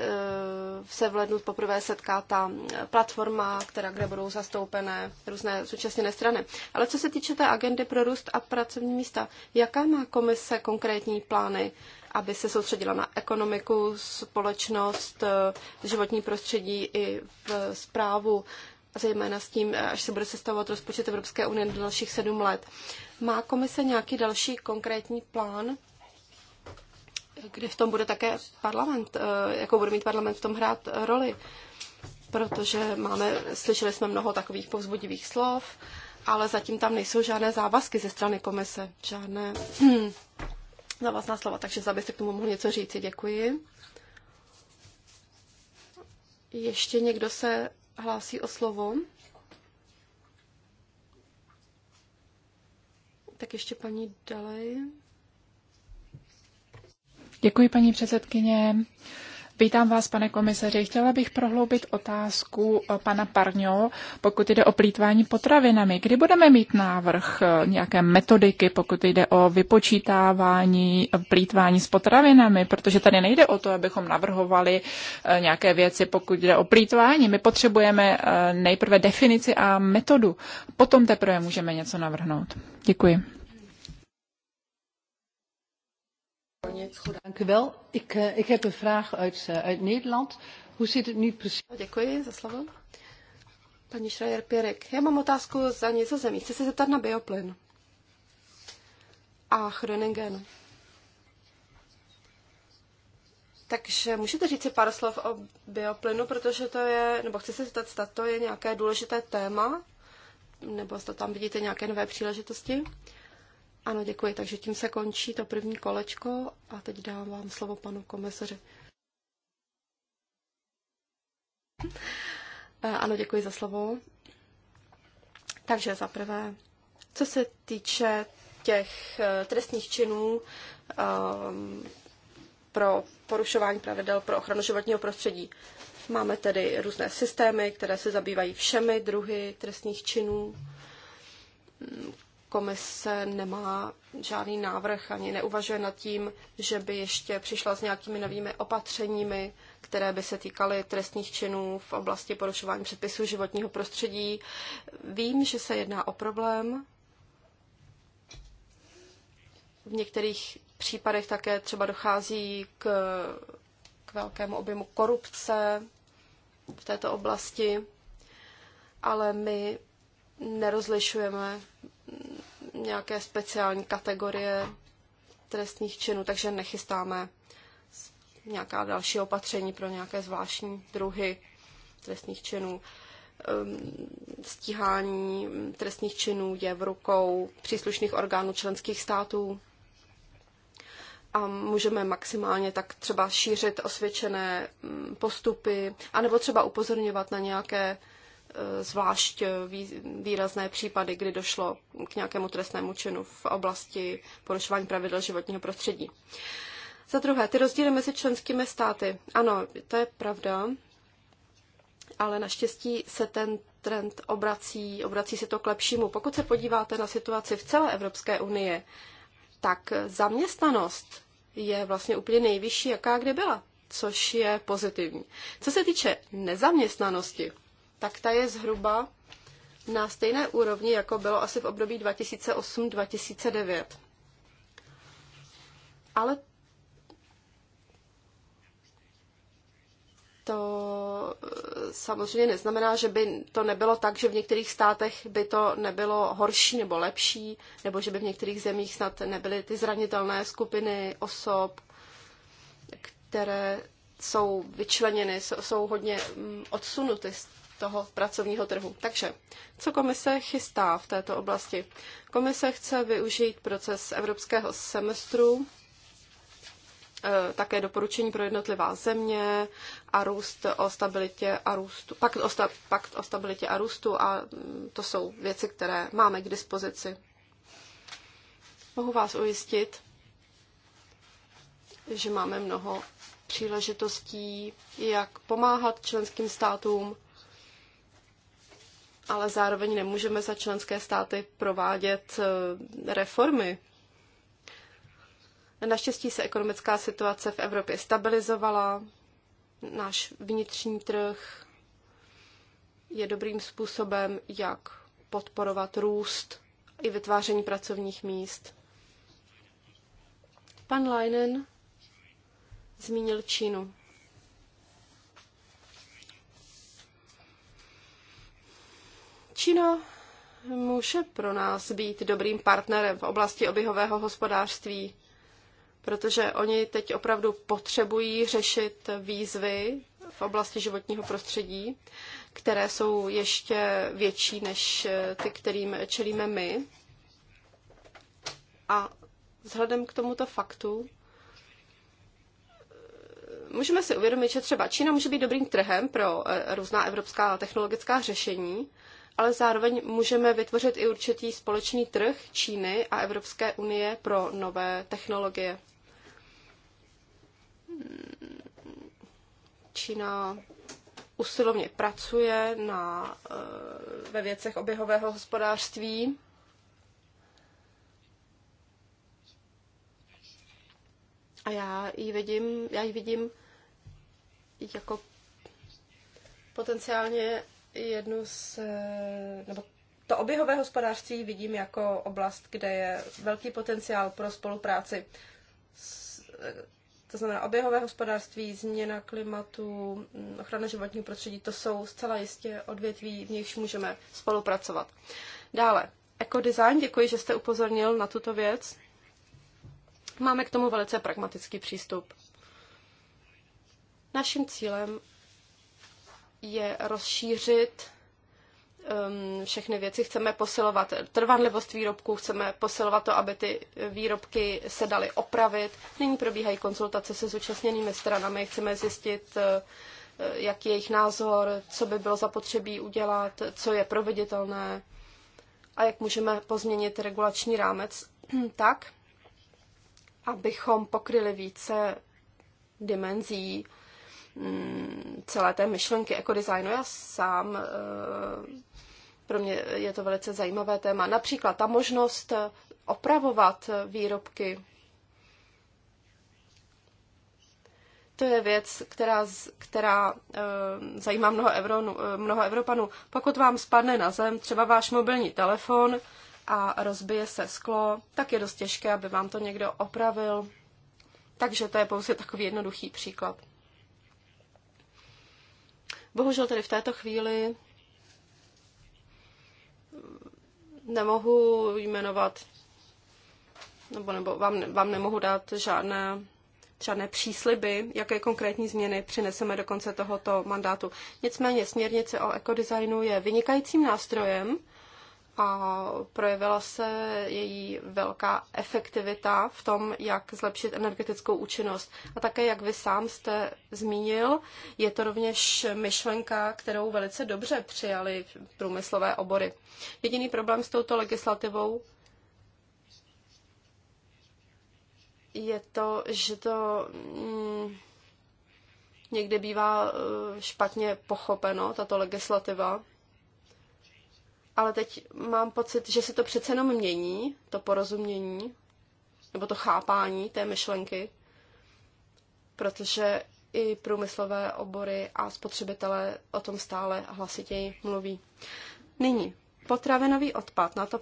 Speaker 2: se v lednu poprvé setká ta platforma, která, kde budou zastoupené různé současné strany. Ale co se týče té agendy pro růst a pracovní místa, jaká má komise konkrétní plány, aby se soustředila na ekonomiku, společnost, e, životní prostředí i v zprávu? zejména s tím, až se bude sestavovat rozpočet Evropské unie do dalších sedm let. Má komise nějaký další konkrétní plán, kdy v tom bude také parlament, eh, jakou bude mít parlament v tom hrát roli? Protože máme, slyšeli jsme mnoho takových povzbudivých slov, ale zatím tam nejsou žádné závazky ze strany komise, žádné *clears throat* závazná slova, takže zda byste k tomu mohl něco říci. Děkuji. Ještě někdo se hlásí o slovo. Tak ještě paní Dalej.
Speaker 3: Děkuji, paní předsedkyně. Vítám vás, pane komisaři. Chtěla bych prohloubit otázku eh, pana Parňo, pokud jde o plítvání potravinami. Kdy budeme mít návrh eh, nějaké metodiky, pokud jde o vypočítávání eh, plítvání s potravinami? Protože tady nejde o to, abychom navrhovali nějaké věci, pokud jde o plítvání. My potřebujeme nejprve definici a metodu. Potom teprve můžeme něco navrhnout. Děkuji. Konec choda. Dank u wel.
Speaker 2: Ik, uh, ik heb een vraag uit, uh, uit Nederland. Hoe zit het nu precies? Děkuji za slovo. Paní Schreier Pěrek, já mám otázku za něco zemí. Chci se zeptat na bioplyn. A Chroningen. Takže můžete říct si pár slov o bioplynu, protože to je, nebo chci se zeptat, zda to je nějaké důležité téma, nebo zda tam vidíte nějaké nové příležitosti. Ano, děkuji. Takže tím se končí to první kolečko a teď dám vám slovo panu komisaři. Eh, ano, děkuji za slovo. Takže za prvé, co se týče těch eh, trestních činů um, pro porušování pravidel pro ochranu životního prostředí, máme tedy různé systémy, které se zabývají všemi druhy trestních činů, komise nemá žádný návrh ani neuvažuje nad tím, že by ještě přišla s nějakými novými opatřeními, které by se týkaly trestních činů v oblasti porušování předpisů životního prostředí. Vím, že se jedná o problém. V některých případech také třeba dochází k, k velkému objemu korupce v této oblasti, ale my nerozlišujeme nějaké speciální kategorie trestných činů, takže nechystáme nějaká další opatření pro nějaké zvláštní druhy trestných činů. Ehm, stíhání mm, trestných činů je v rukou příslušných orgánů členských států a můžeme maximálně tak třeba šířit osvědčené mm, postupy, anebo třeba upozorňovat na nějaké Eh, zvlášť eh, výrazné případy, kdy došlo k nějakému trestnému činu v oblasti porušování pravidel životního prostředí. Za druhé, ty rozdíly mezi členskými státy. Ano, to je pravda, ale naštěstí se ten trend obrací, obrací se to k lepšímu. Pokud se podíváte na situaci v celé Evropské unii, tak zaměstnanost je vlastně úplně nejvyšší, jaká kdy byla, což je pozitivní. Co se týče nezaměstnanosti, tak ta je zhruba na stejné úrovni, jako bylo asi v období 2008-2009. Ale to eh, samozřejmě neznamená, že by to nebylo tak, že v některých státech by to nebylo horší nebo lepší, nebo že by v některých zemích snad nebyly ty zranitelné skupiny osob, které jsou vyčleněny, jsou hodně mm, odsunuty z toho pracovního trhu. Takže, co komise chystá v této oblasti? Komise chce využít proces evropského semestru, eh, také doporučení pro jednotlivá země a růst o stabilitě a růstu, pakt o, sta, pakt o stabilitě a růstu a mm, to jsou věci, které máme k dispozici. Mohu vás ujistit, že máme mnoho příležitostí, jak pomáhat členským státům ale zároveň nemůžeme za členské státy provádět eh, reformy. Naštěstí se ekonomická situace v Evropě stabilizovala, náš vnitřní trh je dobrým způsobem, jak podporovat růst i vytváření pracovních míst. Pan Leinen zmínil Čínu. Čína může pro nás být dobrým partnerem v oblasti oběhového hospodářství, protože oni teď opravdu potřebují řešit výzvy v oblasti životního prostředí, které jsou ještě větší než ty, kterým čelíme my. A vzhledem k tomuto faktu můžeme si uvědomit, že třeba Čína může být dobrým trhem pro eh, různá evropská technologická řešení, ale zároveň můžeme vytvořit i určitý společný trh Číny a Evropské unie pro nové technologie. Čína usilovně pracuje na, eh, ve věcech oběhového hospodářství. A já ji vidím, já ji vidím jako potenciálně jednu z, nebo to oběhové hospodářství vidím jako oblast, kde je velký potenciál pro spolupráci. To znamená oběhové hospodářství, změna klimatu, mm, ochrana životního prostředí, to jsou zcela jistě odvětví, v nichž můžeme spolupracovat. Dále, ekodesign, děkuji, že jste upozornil na tuto věc. Máme k tomu velice pragmatický přístup. Naším cílem je rozšířit um, všechny věci. Chceme posilovat trvanlivost výrobků, chceme posilovat to, aby ty výrobky se daly opravit. Nyní probíhají konzultace se zúčastněnými stranami, chceme zjistit, uh, jaký je jejich názor, co by bylo zapotřebí udělat, co je proveditelné a jak můžeme pozměnit regulační rámec *clears throat* tak, abychom pokryli více dimenzí Mm, celé té myšlenky ekodesignu. Já sám, eh, pro mě je to velice zajímavé téma. Například ta možnost eh, opravovat eh, výrobky. To je věc, která, která zajímá mnoho, Evro, mnoho Evropanů. Pokud vám spadne na zem třeba váš mobilní telefon a rozbije se sklo, tak je dost těžké, aby vám to někdo opravil. Takže to je pouze takový jednoduchý příklad. Bohužel tedy v této chvíli nemohu jmenovat, nebo, nebo vám, vám nemohu dát žádné, žádné přísliby, jaké konkrétní změny přineseme do konce tohoto mandátu. Nicméně směrnice o ekodesignu je vynikajícím nástrojem, a projevila se její velká efektivita v tom, jak zlepšit energetickou účinnost. A také, jak vy sám jste zmínil, je to rovněž myšlenka, kterou velice dobře přijali průmyslové obory. Jediný problém s touto legislativou je to, že to mm, někdy bývá eh, špatně pochopeno, tato legislativa ale teď mám pocit, že se to přece jenom mění, to porozumění, nebo to chápání té myšlenky, protože i průmyslové obory a spotřebitelé o tom stále hlasitěji mluví. Nyní, potravinový odpad. Na to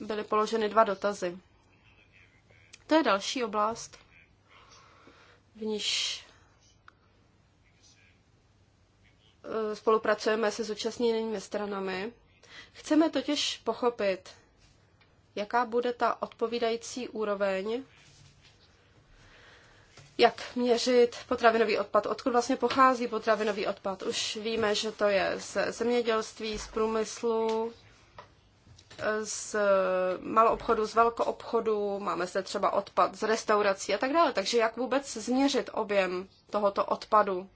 Speaker 2: byly položeny dva dotazy. To je další oblast, v níž eh, spolupracujeme se zúčastněnými stranami Chceme totiž pochopit, jaká bude ta odpovídající úroveň, jak měřit potravinový odpad, odkud vlastně pochází potravinový odpad. Už víme, že to je z zemědělství, z průmyslu, z maloobchodu, z velkoobchodu, máme zde třeba odpad z restaurací a tak dále. Takže jak vůbec změřit objem tohoto odpadu,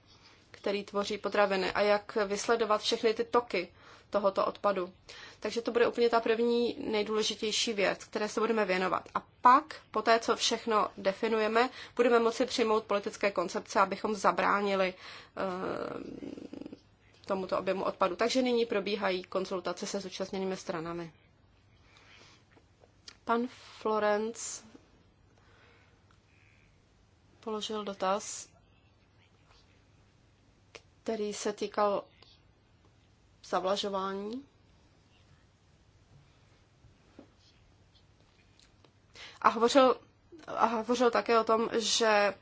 Speaker 2: který tvoří potraviny a jak vysledovat všechny ty toky tohoto odpadu. Takže to bude úplně ta první nejdůležitější věc, které se budeme věnovat. A pak, po té, co všechno definujeme, budeme moci přijmout politické koncepce, abychom zabránili uh, tomuto objemu odpadu. Takže nyní probíhají konzultace se zúčastněnými stranami. Pan Florence položil dotaz, který se týkal zavlažování. A hovořil, a hovořil také o tom, že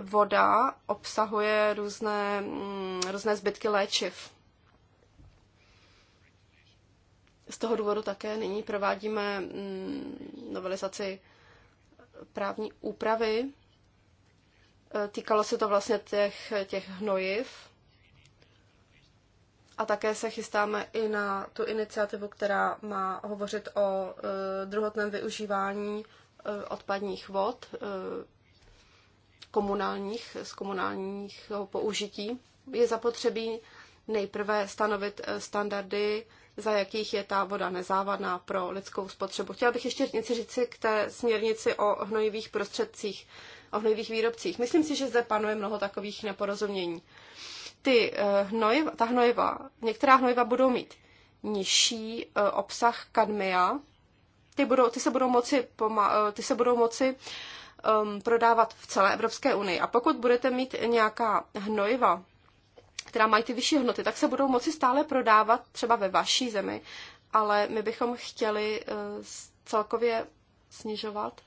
Speaker 2: voda obsahuje různé, mm, různé zbytky léčiv. Z toho důvodu také nyní provádíme mm, novelizaci právní úpravy. E, týkalo se to vlastně těch, těch hnojiv, a také se chystáme i na tu iniciativu, která má hovořit o e, druhotném využívání e, odpadních vod e, komunálních, z komunálních použití. Je zapotřebí nejprve stanovit standardy, za jakých je ta voda nezávadná pro lidskou spotřebu. Chtěla bych ještě něco říci k té směrnici o hnojivých prostředcích, o hnojivých výrobcích. Myslím si, že zde panuje mnoho takových neporozumění ty eh, hnojiva, ta hnojiva, některá hnojiva budou mít nižší eh, obsah kadmia, ty, budou, ty se budou moci, eh, ty se budou moci um, prodávat v celé Evropské unii. A pokud budete mít nějaká hnojiva, která mají ty vyšší hodnoty, tak se budou moci stále prodávat třeba ve vaší zemi, ale my bychom chtěli uh, celkově snižovat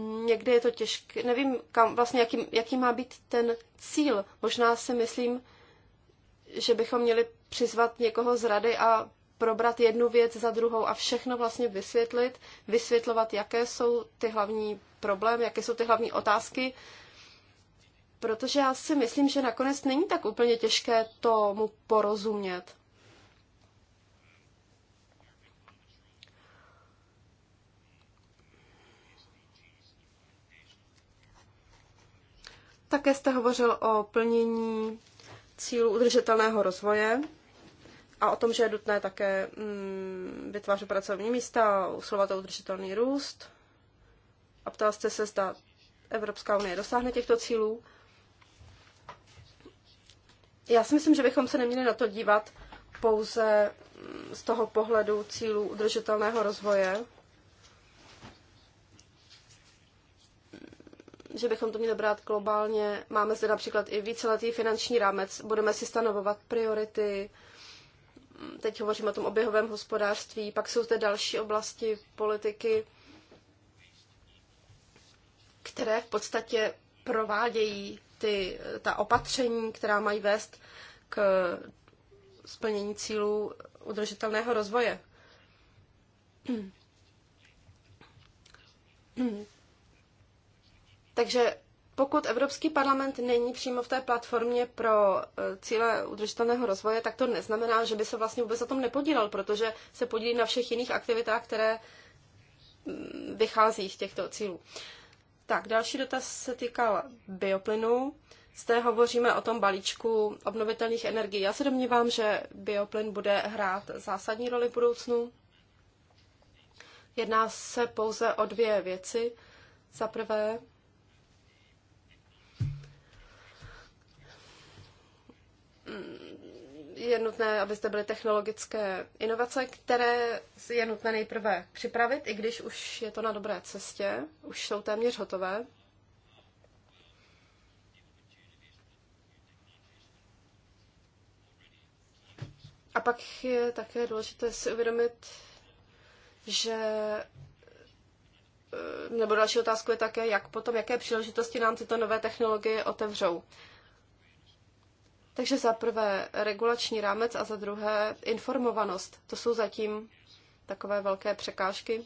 Speaker 2: někdy je to těžké, nevím, kam, vlastně jaký, jaký má být ten cíl. Možná si myslím, že bychom měli přizvat někoho z rady a probrat jednu věc za druhou a všechno vlastně vysvětlit, vysvětlovat, jaké jsou ty hlavní problémy, jaké jsou ty hlavní otázky, protože já si myslím, že nakonec není tak úplně těžké tomu porozumět. Také jste hovořil o plnění cílů udržitelného rozvoje a o tom, že je nutné také mm, vytvářet pracovní místa, usilovat o udržitelný růst. A ptal jste se, zda Evropská unie dosáhne těchto cílů. Já si myslím, že bychom se neměli na to dívat pouze mm, z toho pohledu cílů udržitelného rozvoje, že bychom to měli brát globálně. Máme zde například i víceletý finanční rámec, budeme si stanovovat priority. Teď hovořím o tom oběhovém hospodářství, pak jsou zde další oblasti politiky, které v podstatě provádějí ty, ta opatření, která mají vést k splnění cílů udržitelného rozvoje. Takže pokud Evropský parlament není přímo v té platformě pro eh, cíle udržitelného rozvoje, tak to neznamená, že by se vlastně vůbec o tom nepodílel, protože se podílí na všech jiných aktivitách, které mm, vychází z těchto cílů. Tak, další dotaz se týkal bioplynu. Zde hovoříme o tom balíčku obnovitelných energií. Já se domnívám, že bioplyn bude hrát zásadní roli v budoucnu. Jedná se pouze o dvě věci. Za prvé, je nutné, abyste byly technologické inovace, které je nutné nejprve připravit, i když už je to na dobré cestě, už jsou téměř hotové. A pak je také důležité si uvědomit, že eh, nebo další otázku je také, jak potom, jaké příležitosti nám tyto nové technologie otevřou. Takže za prvé regulační rámec a za druhé informovanost. To jsou zatím takové velké překážky.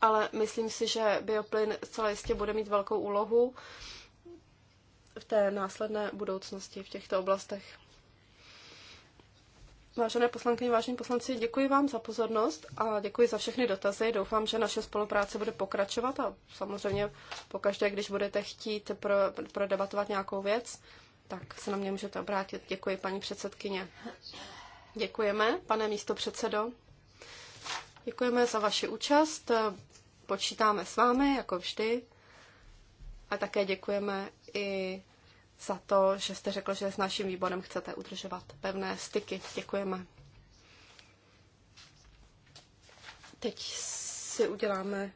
Speaker 2: Ale myslím si, že bioplyn zcela jistě bude mít velkou úlohu v té následné budoucnosti v těchto oblastech. Vážené poslankyně, vážení poslanci, děkuji vám za pozornost a děkuji za všechny dotazy. Doufám, že naše spolupráce bude pokračovat a samozřejmě pokaždé, když budete chtít pro, prodebatovat nějakou věc, tak se na mě můžete obrátit. Děkuji, paní předsedkyně. Děkujeme, pane místo předsedo. Děkujeme za vaši účast. Počítáme s vámi, jako vždy. A také děkujeme i za to, že jste řekl, že s naším výborem chcete udržovat pevné styky. Děkujeme. Teď si uděláme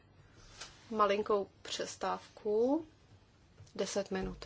Speaker 2: malinkou přestávku, 10 minut.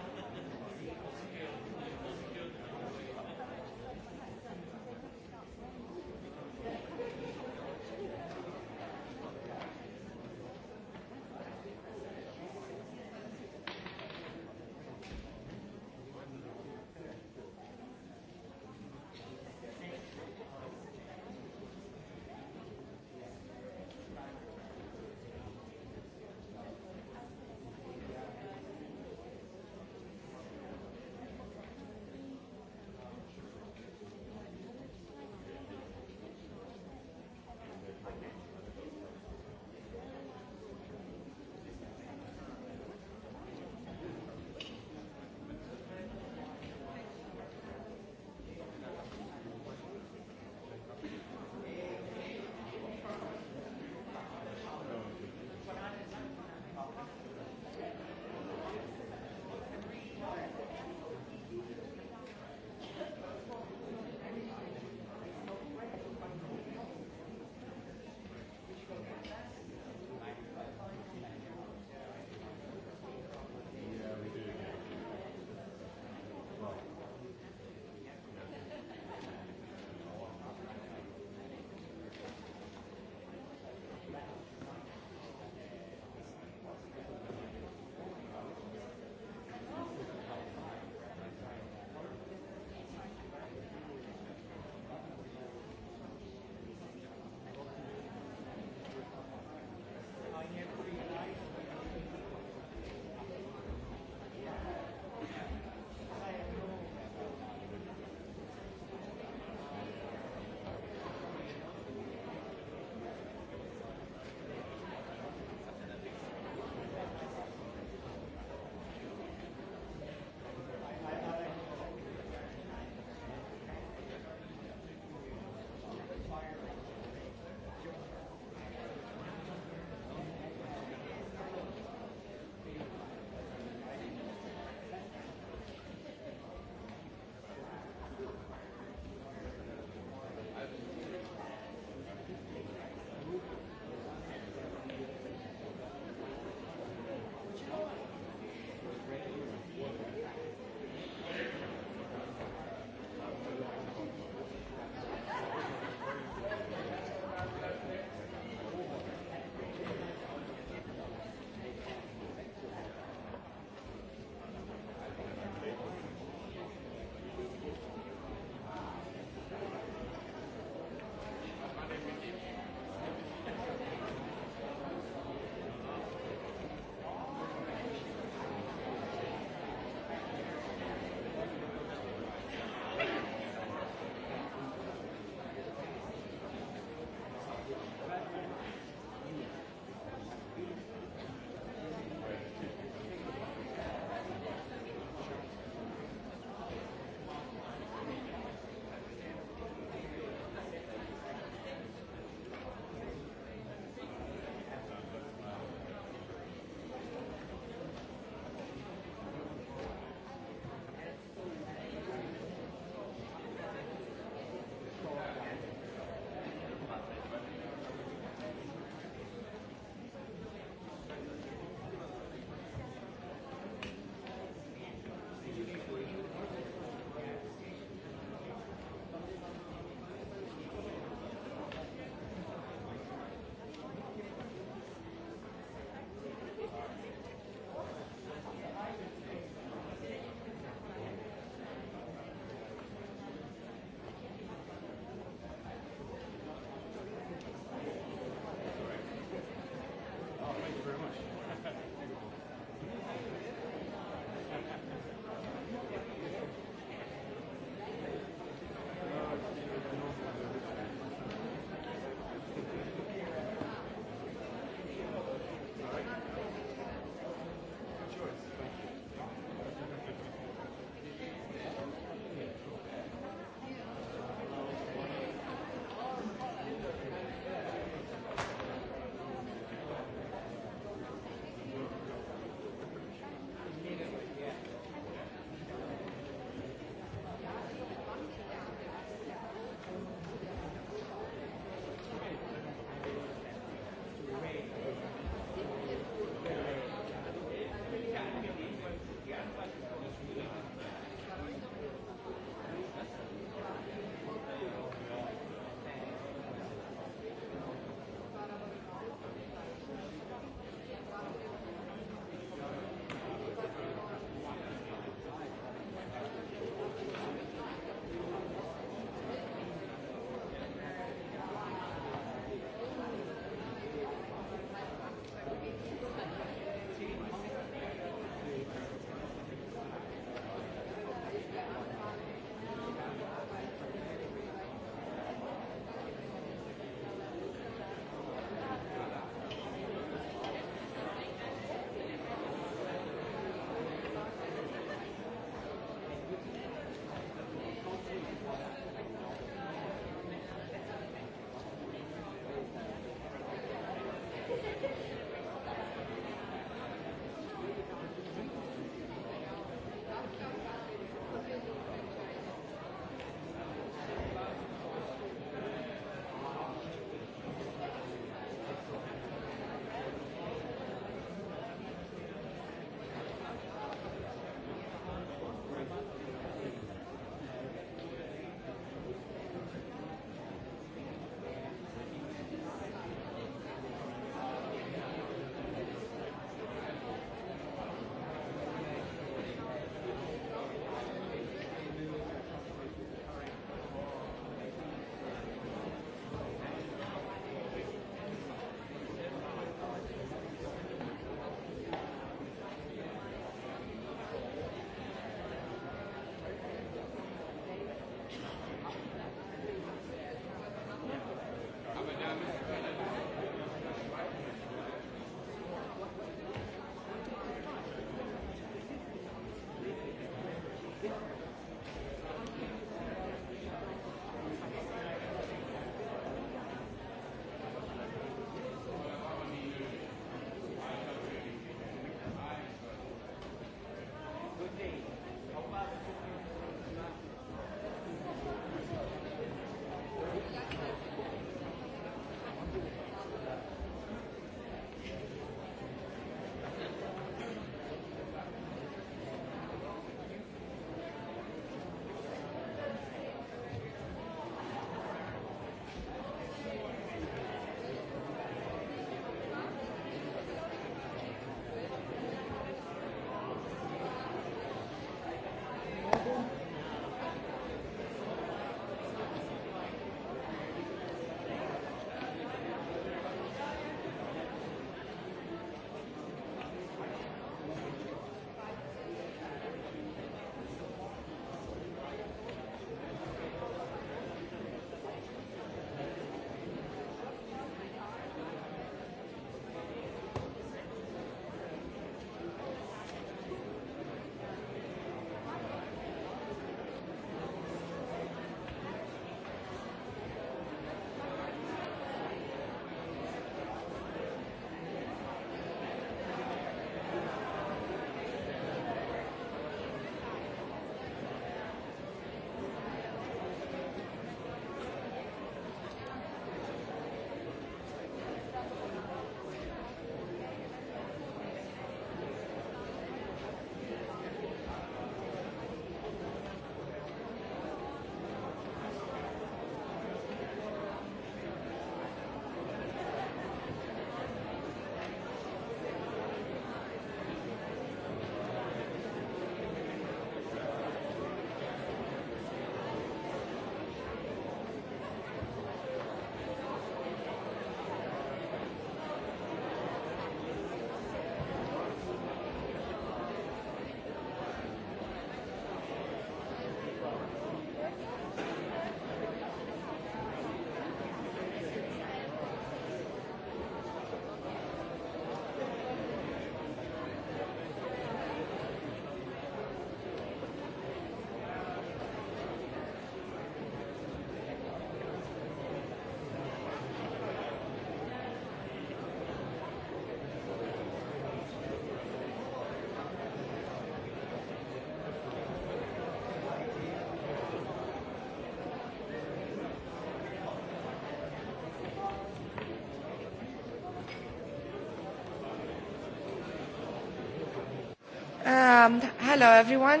Speaker 3: Hello, everyone.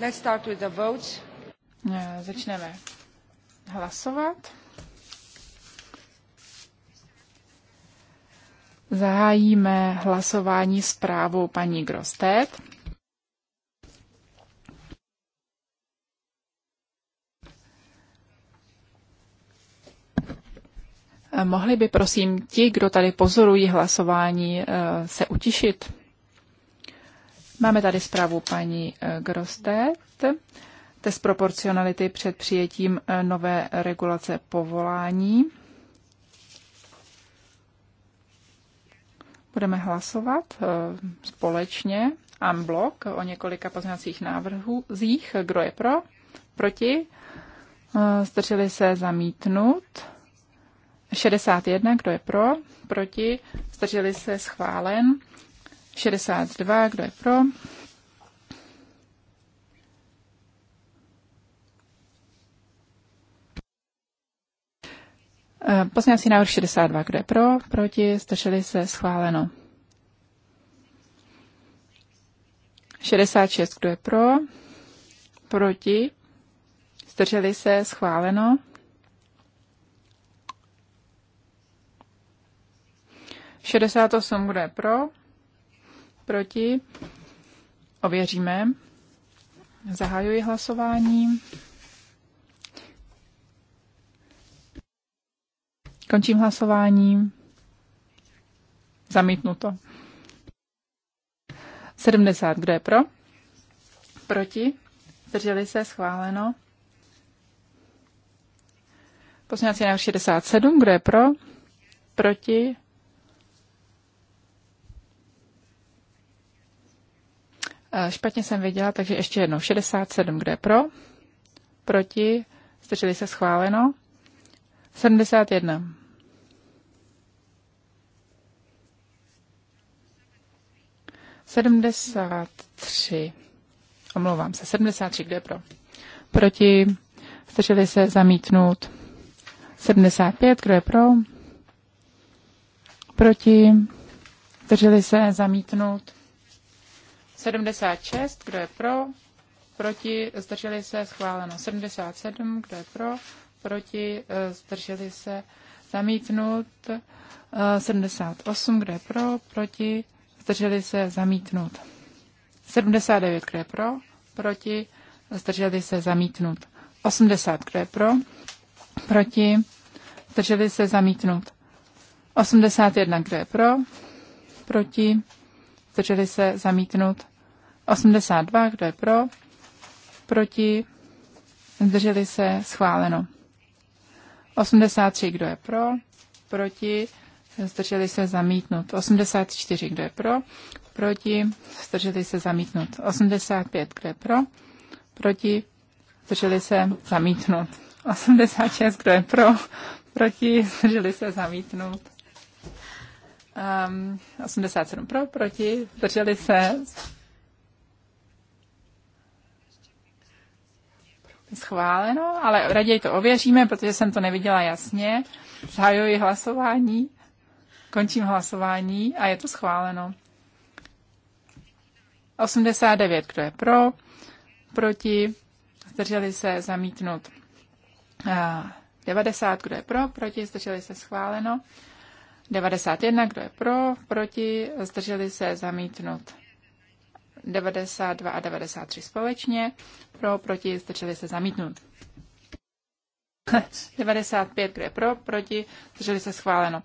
Speaker 3: Let's start with the vote. Eh, začneme hlasovat. Zahájíme hlasování zprávou paní Grostet. mohli by prosím ti, kdo tady pozorují hlasování, eh, se utišit? Máme tady zprávu paní eh, Grostet. Test proporcionality před přijetím eh, nové regulace povolání. Budeme hlasovat společně unblock o několika pozměňovacích návrhů. Zích, kdo je pro? Proti? Zdrželi se zamítnout. 61, kdo je pro, proti, zdrželi se schválen. 62, kdo je pro, eh, Pozměňovací návrh 62, kdo je pro, proti, zdrželi se, schváleno. 66, kdo je pro, proti, zdrželi se, schváleno. 68, bude pro? Proti? Ověříme. Zahajuji hlasování. Končím hlasování. Zamítnuto. 70, kdo je pro? Proti? Zdrželi se, schváleno. Poslanecí návrh 67, kdo je pro? Proti? Eh, špatně jsem viděla, takže ještě jednou. 67, kde je pro? Proti? Zdrželi se schváleno? 71. Sedmdesát tři. Omlouvám se. Sedmdesát tři, kde je pro? Proti? Zdrželi se zamítnout? 75, kdo je pro? Proti? Zdrželi se zamítnout? 76, kdo je pro, proti, zdrželi se, schváleno. 77, eh, eh, kdo je pro, proti, zdrželi se, zamítnut. 78, kdo je pro, proti, zdrželi se, zamítnut. 79, kdo je pro, proti, zdrželi se, zamítnut. 80, kdo je pro, proti, zdrželi se, zamítnut. 81, kdo je pro, proti, zdrželi se, zamítnut. 82, kdo je pro, proti, zdrželi se, schváleno. 83, kdo je pro, proti, zdrželi se, zamítnut. 84, kdo je pro, proti, zdrželi se, zamítnut. 85, kdo je pro, proti, zdrželi se, zamítnut. 86, kdo je pro, proti, zdrželi se, zamítnut. Um, ehm, 87 pro, proti, zdrželi se, schváleno, ale raději to ověříme, protože jsem to neviděla jasně. Zahajuji hlasování, končím hlasování a je to schváleno. 89, kdo je pro, proti, zdrželi se zamítnut. 90, kdo je pro, proti, zdrželi se schváleno. 91, kdo je pro, proti, zdrželi se zamítnut. 92 a 93 společně. Pro, proti, zdrželi se zamítnut. 95, kdo je pro, proti, zdrželi se schváleno.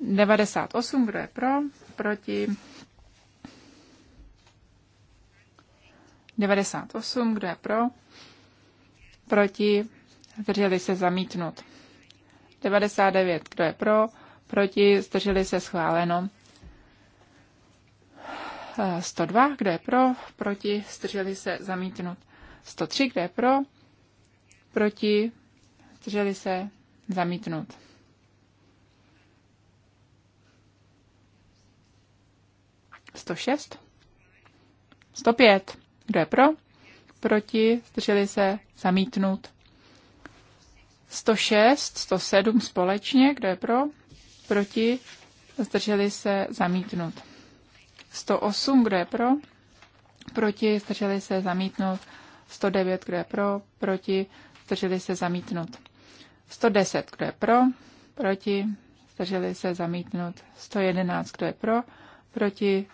Speaker 3: 98, kdo je pro, proti. 98, kdo je pro, proti, zdrželi se zamítnut. 99, kdo je pro, proti, zdrželi se schváleno. 102, kde je pro, proti, zdrželi se, zamítnut. 103, kde je pro, proti, zdrželi se, zamítnut. Sto šest. Sto pět. Kdo je pro? Proti, zdrželi se, zamítnut. 106, 107 společně, kdo je pro? Proti, zdrželi se, zamítnut. 108, kdo je pro, proti, zdrželi se zamítnout. 109, kdo je pro, proti, zdrželi se zamítnout. 110, kdo je pro, proti, zdrželi se zamítnout. 111, kdo je pro, proti,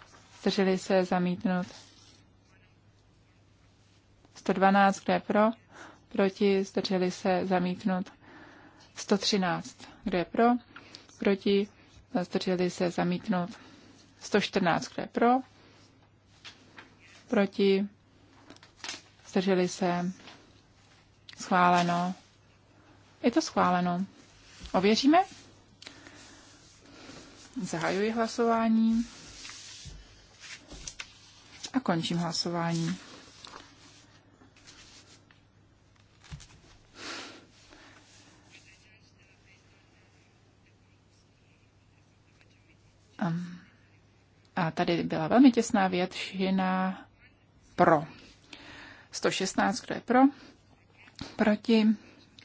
Speaker 3: zdrželi se zamítnout. 112, kdo je pro, proti, zdrželi se zamítnout. 113, kdo je pro, proti, zdrželi se zamítnout. 114, kdo je pro, proti, zdrželi se, schváleno. Je to schváleno. Ověříme? Zahajuji hlasování a končím hlasování. A tady byla velmi těsná většina pro. 116, kdo je pro, proti,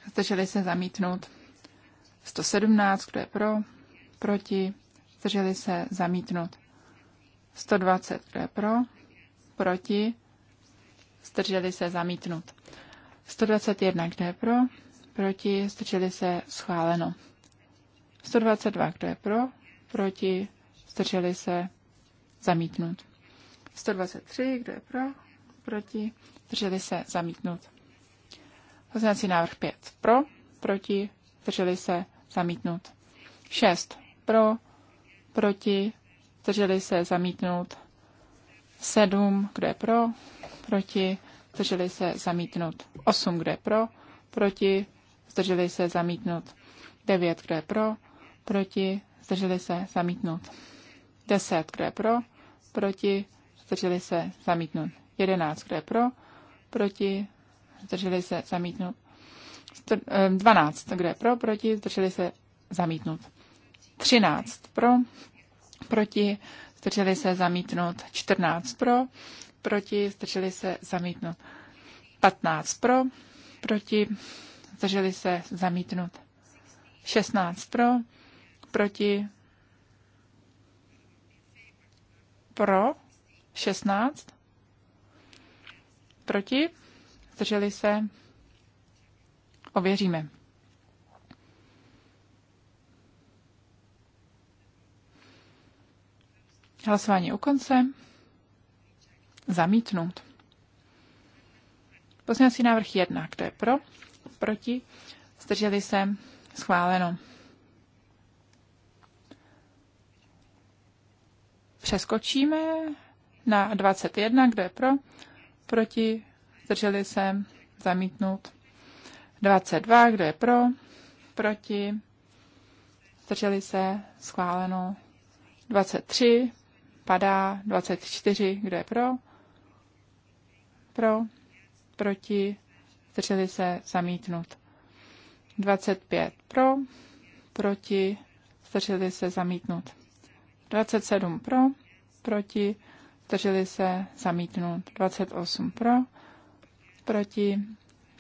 Speaker 3: zdrželi se zamítnout. 117, kdo je pro, proti, zdrželi se zamítnout. 120, kdo je pro, proti, zdrželi se zamítnout. 121, kdo je pro, proti, zdrželi se schváleno. 122, kdo je pro, proti, zdrželi se zamítnut. 123, kdo je pro, proti, drželi se, zamítnut. Pozměňovací návrh 5, pro, proti, drželi se, zamítnut. 6, pro, proti, drželi se, zamítnout. 7, kdo je pro, proti, zdrželi se, zamítnout. 8, kdo je pro, proti, zdrželi se, zamítnout. 9, kdo je pro, proti, zdrželi se, zamítnout. 10, kdo je pro, proti, zdrželi se, zamítnut. 11, kdo je pro, proti, zdrželi se, zamítnut. 12, eh, kdo je pro, proti, zdrželi se, zamítnut. 13 pro, proti, zdrželi se, zamítnut. 14 pro, proti, zdrželi se, zamítnut. 15 pro, proti, zdrželi se, zamítnut. 16 pro, proti, pro 16, proti, zdrželi se, ověříme. Hlasování u konce. Zamítnout. Pozměňovací návrh 1. Kdo je pro? Proti? Zdrželi se? Schváleno. přeskočíme na 21, kde je pro, proti, zdrželi se, zamítnout. 22, kde je pro, proti, zdrželi se, schváleno. 23, padá, 24, kde je pro, pro, proti, zdrželi se, zamítnout. 25 pro, proti, zdrželi se, zamítnout. 27 pro, proti, zdrželi se, zamítnut. 28 pro, proti,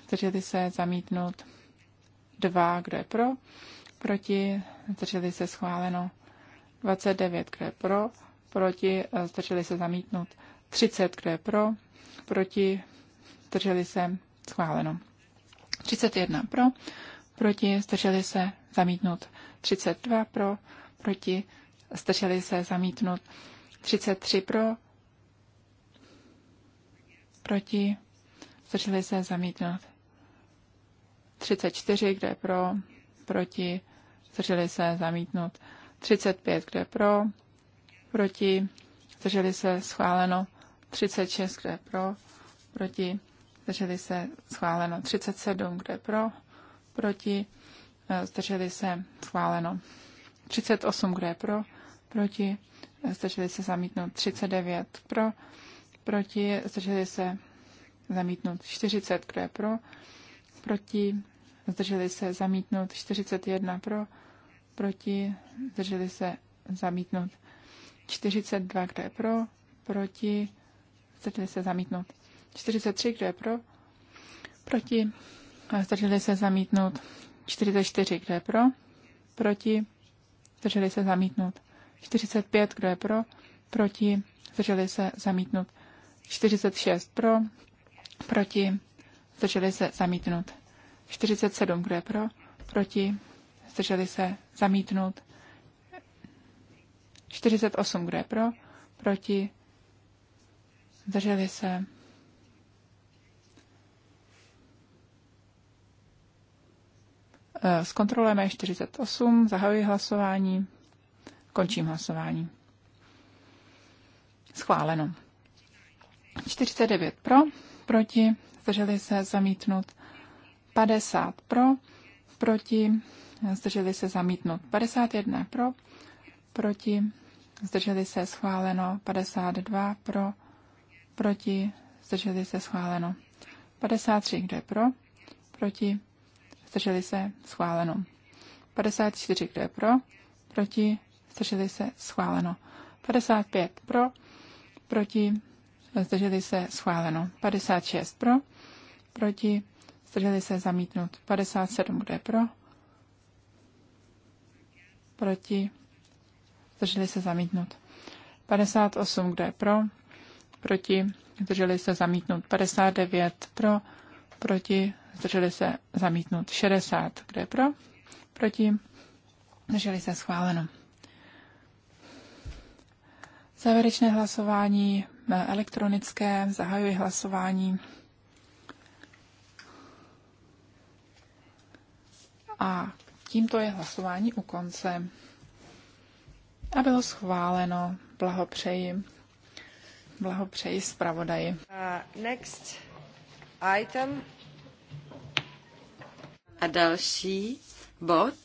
Speaker 3: zdrželi se, zamítnut. 2, kdo je pro, proti, zdrželi se, schváleno. 29, kdo je pro, proti, zdrželi se, zamítnut. 30, kdo je pro, proti, zdrželi se, schváleno. 31 pro, proti, zdrželi se, zamítnut. 32 pro, proti, zdrželi se zamítnut. 33 pro, proti, zdrželi se zamítnout. 34, kde pro, proti, zdrželi se zamítnout. 35, kde pro, proti, zdrželi se schváleno. 36, kde pro, proti, zdrželi se schváleno. 37, kde pro, proti, zdrželi se schváleno. 38, kde pro, proti, zdrželi se zamítnout 39 pro, proti, zdrželi se zamítnout 40, kdo je pro, proti, zdrželi se zamítnout 41 pro, proti, zdrželi se zamítnout 42, kdo je pro, proti, zdrželi se zamítnout 43, kdo je pro, proti, zdrželi se zamítnout 44, kdo je pro, proti, zdrželi se zamítnout 45, kdo je pro, proti, zdrželi se zamítnout. 46 pro, proti, zdrželi se zamítnout. 47, kdo je pro, proti, zdrželi se zamítnout. 48, kdo je pro, proti, zdrželi se eh, Zkontrolujeme 48, zahajuji hlasování. Končím hlasování. Schváleno. 49 pro, proti, zdrželi se zamítnut. 50 pro, proti, zdrželi se zamítnut. 51 pro, proti, zdrželi se schváleno. 52 pro, proti, zdrželi se schváleno. 53 kde pro, proti, zdrželi se schváleno. 54 kde pro, proti, zdrželi se, schváleno. 55 pro, proti, zdrželi se, schváleno. 56 pro, proti, zdrželi se, zamítnut. 57 bude pro, proti, zdrželi se, zamítnut. 58 kde pro, proti, zdrželi se, zamítnut. 59 pro, proti, zdrželi se, zamítnut. 60 kde pro, proti, zdrželi se, schváleno. Závěrečné hlasování eh, elektronické, zahajuji hlasování. A tímto je hlasování u konce. A bylo schváleno. Blahopřeji. Blahopřeji zpravodaji.
Speaker 1: Uh, next item. A další bod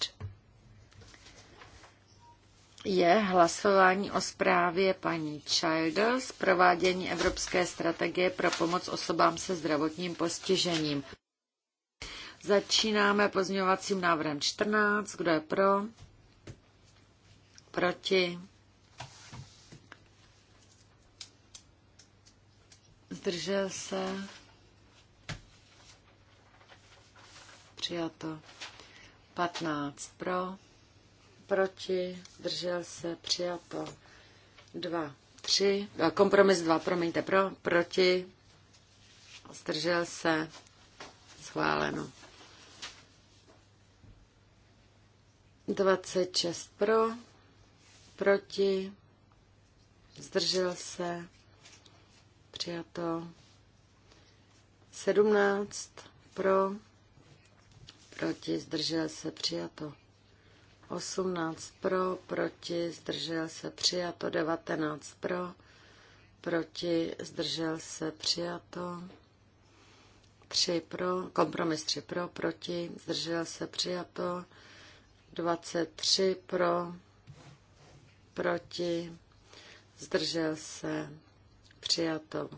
Speaker 1: je hlasování o zprávě paní Childers, provádění Evropské strategie pro pomoc osobám se zdravotním postižením. Začínáme pozměňovacím návrhem 14. Kdo je pro? Proti? Zdržel se? Přijato. 15 pro proti, držel se, přijato. dva, tři, kompromis dva, promiňte, pro, proti, zdržel se, schváleno. 26 pro, proti, zdržel se, přijato. 17 pro, proti, zdržel se, přijato. 18 pro, proti, zdržel se přijato, 19 pro, proti, zdržel se přijato, 3 pro, kompromis 3 pro, proti, zdržel se přijato, 23 pro, proti, zdržel se přijato,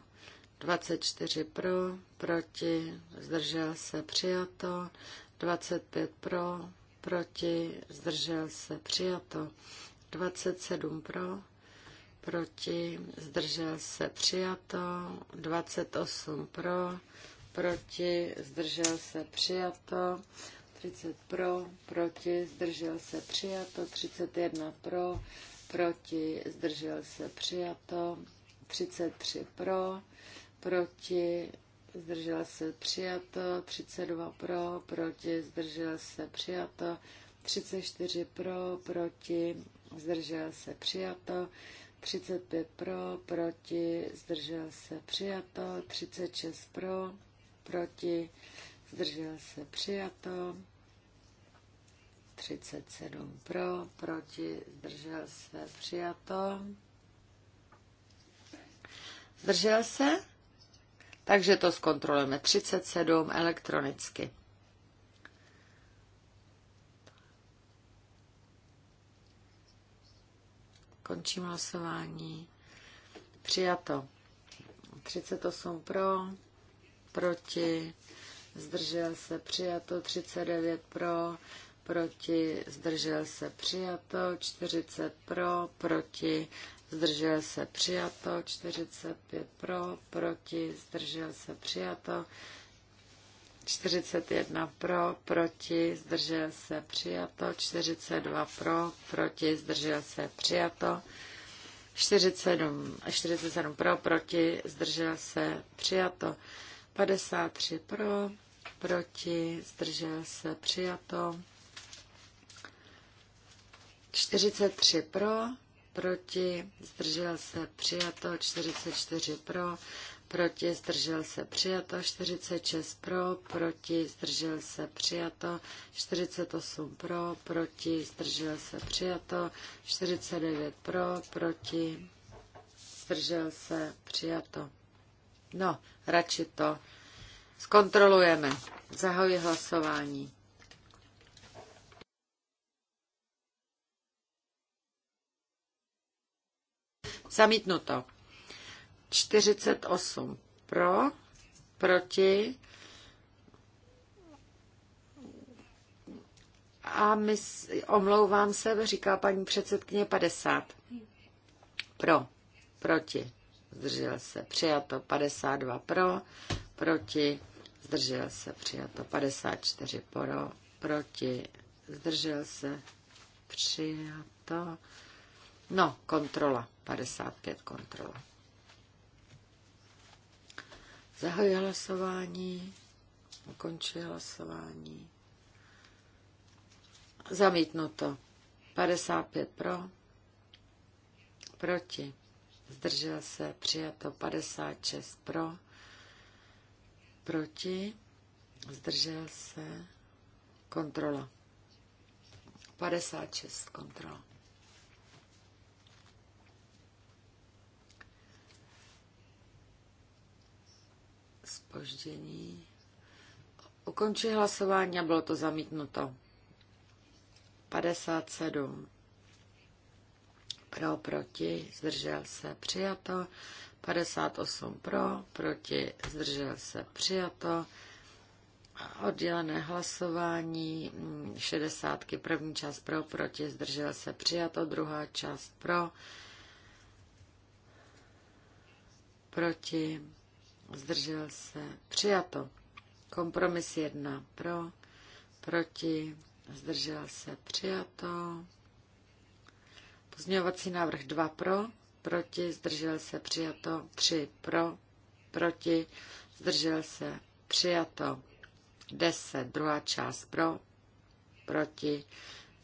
Speaker 1: 24 pro, proti, zdržel se přijato, 25 pro, proti, zdržel se, přijato. 27 pro, proti, zdržel se, přijato. 28 pro, proti, zdržel se, přijato. 30 pro, proti, zdržel se, přijato. 31 pro, proti, zdržel se, přijato. 33 pro, proti, zdržela se přijato, 32 pro, proti, zdržela se přijato, 34 pro, proti, zdržela se přijato, 35 pro, proti, zdržel se přijato, 36 pro, proti, zdržel se přijato, 37 pro, proti, zdržel se přijato. Zdržel se? Takže to zkontrolujeme 37 elektronicky. Končím hlasování. Přijato. 38 pro, proti, zdržel se přijato, 39 pro, proti, zdržel se přijato, 40 pro, proti, zdržel se přijato, 45 pro, proti, zdržel se přijato, 41 pro, proti, zdržel se přijato, 42 pro, proti, zdržel se přijato, 47, 47 pro, proti, zdržel se přijato, 53 pro, proti, zdržel se přijato, 43 pro, proti, zdržel se přijato, 44 pro, proti, zdržel se přijato, 46 pro, proti, zdržel se přijato, 48 pro, proti, zdržel se přijato, 49 pro, proti, zdržel se přijato. No, radši to zkontrolujeme. Zahajuji hlasování. Zamítnuto. 48 pro, proti. A my, omlouvám se, říká paní předsedkyně 50. Pro, proti, zdržel se, přijato 52 pro, proti, zdržel se, přijato 54 pro, proti, zdržel se, přijato No, kontrola. 55 kontrola. Zahajuji hlasování. Ukončuji hlasování. Zamítnuto. 55 pro. Proti. Zdržel se. Přijato. 56 pro. Proti. Zdržel se. Kontrola. 56 kontrola. spoždění. Ukončí hlasování a bylo to zamítnuto. 57. Pro, proti, zdržel se, přijato. 58 pro, proti, zdržel se, přijato. Oddělené hlasování, 60. První část pro, proti, zdržel se, přijato. Druhá část pro, proti, zdržel se, přijato. Kompromis jedna pro, proti, zdržel se, přijato. Pozměňovací návrh dva pro, proti, zdržel se, přijato. tři pro, proti, zdržel se, přijato. deset druhá část pro, proti,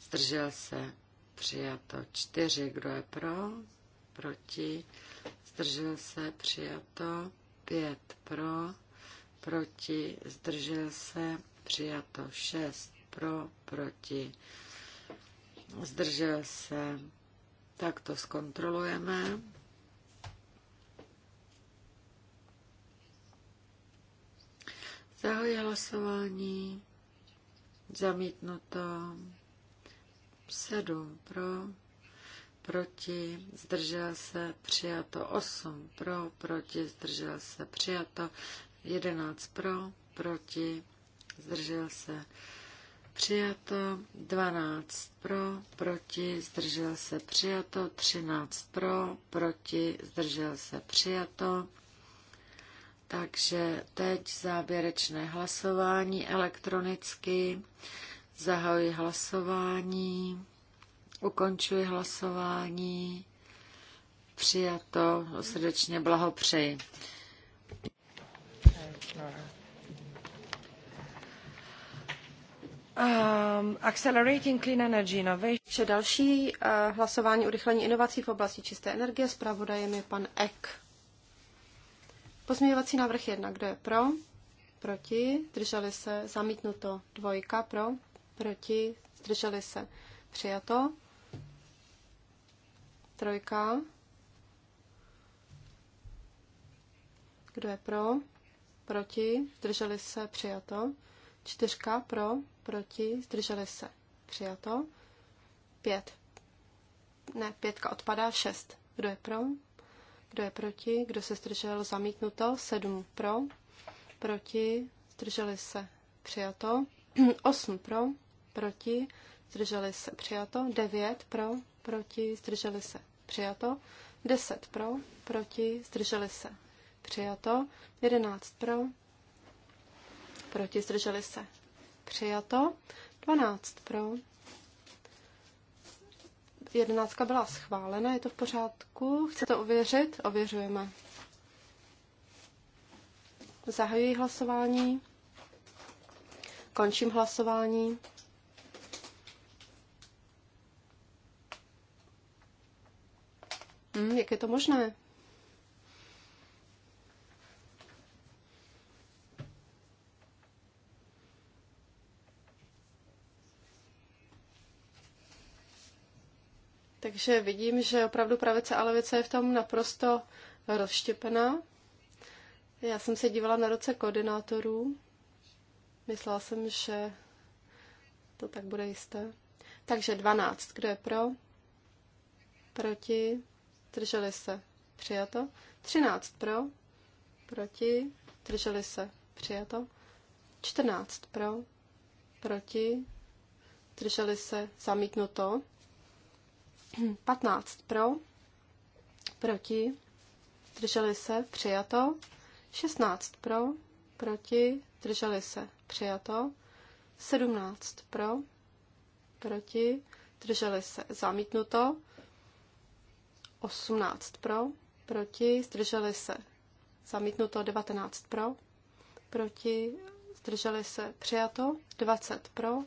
Speaker 1: zdržel se, přijato. čtyři kdo je pro, proti, zdržel se, přijato. 5 pro, proti, zdržel se, přijato 6 pro, proti, zdržel se. Tak to zkontrolujeme. Zahoji hlasování. Zamítnuto. 7 pro proti, zdržel se, přijato 8 pro, proti, zdržel se, přijato 11 pro, proti, zdržel se, přijato 12 pro, proti, zdržel se, přijato 13 pro, proti, zdržel se, přijato. Takže teď závěrečné hlasování elektronicky. Zahajuji hlasování. Ukončuji hlasování. Přijato. Srdečně blahopřeji.
Speaker 2: Um, accelerating clean energy innovation. Vše další uh, hlasování urychlení inovací v oblasti čisté energie. Zpravodajem je pan Eck. Pozměňovací návrh jedna. Kdo je pro? Proti? drželi se? Zamítnuto. Dvojka pro? Proti? Zdrželi se? Přijato. Trojka. Kdo je pro? Proti? Zdrželi se? Přijato. Čtyřka pro? Proti? Zdrželi se? Přijato. Pět. Ne, pětka odpadá. Šest. Kdo je pro? Kdo je proti? Kdo se zdržel? Zamítnuto. Sedm pro? Proti? Zdrželi se? Přijato. *clears throat* Osm pro? Proti? Zdrželi se? Přijato. Devět pro? Proti? Zdrželi se? přijato, 10 pro, proti, zdrželi se, přijato, 11 pro, proti, zdrželi se, přijato, 12 pro, jedenáctka byla schválena, je to v pořádku, to ověřit? Ověřujeme. Zahajuji hlasování, končím hlasování. Hmm, jak je to možné? Takže vidím, že opravdu pravice a levice je v tom naprosto rozštěpená. Já jsem se dívala na roce koordinátorů. Myslela jsem, že to tak bude jisté. Takže 12. Kdo je pro? Proti? drželi se, přijato. 13 pro, proti, drželi se, přijato. 14 pro, proti, drželi se, zamítnuto. 15 *clears throat* pro, proti, drželi se, přijato. 16 pro, proti, drželi se, přijato. 17 pro, proti, drželi se, zamítnuto. 18 pro, proti, zdrželi se. Zamítnuto 19 pro, proti, zdrželi se. Přijato 20 pro,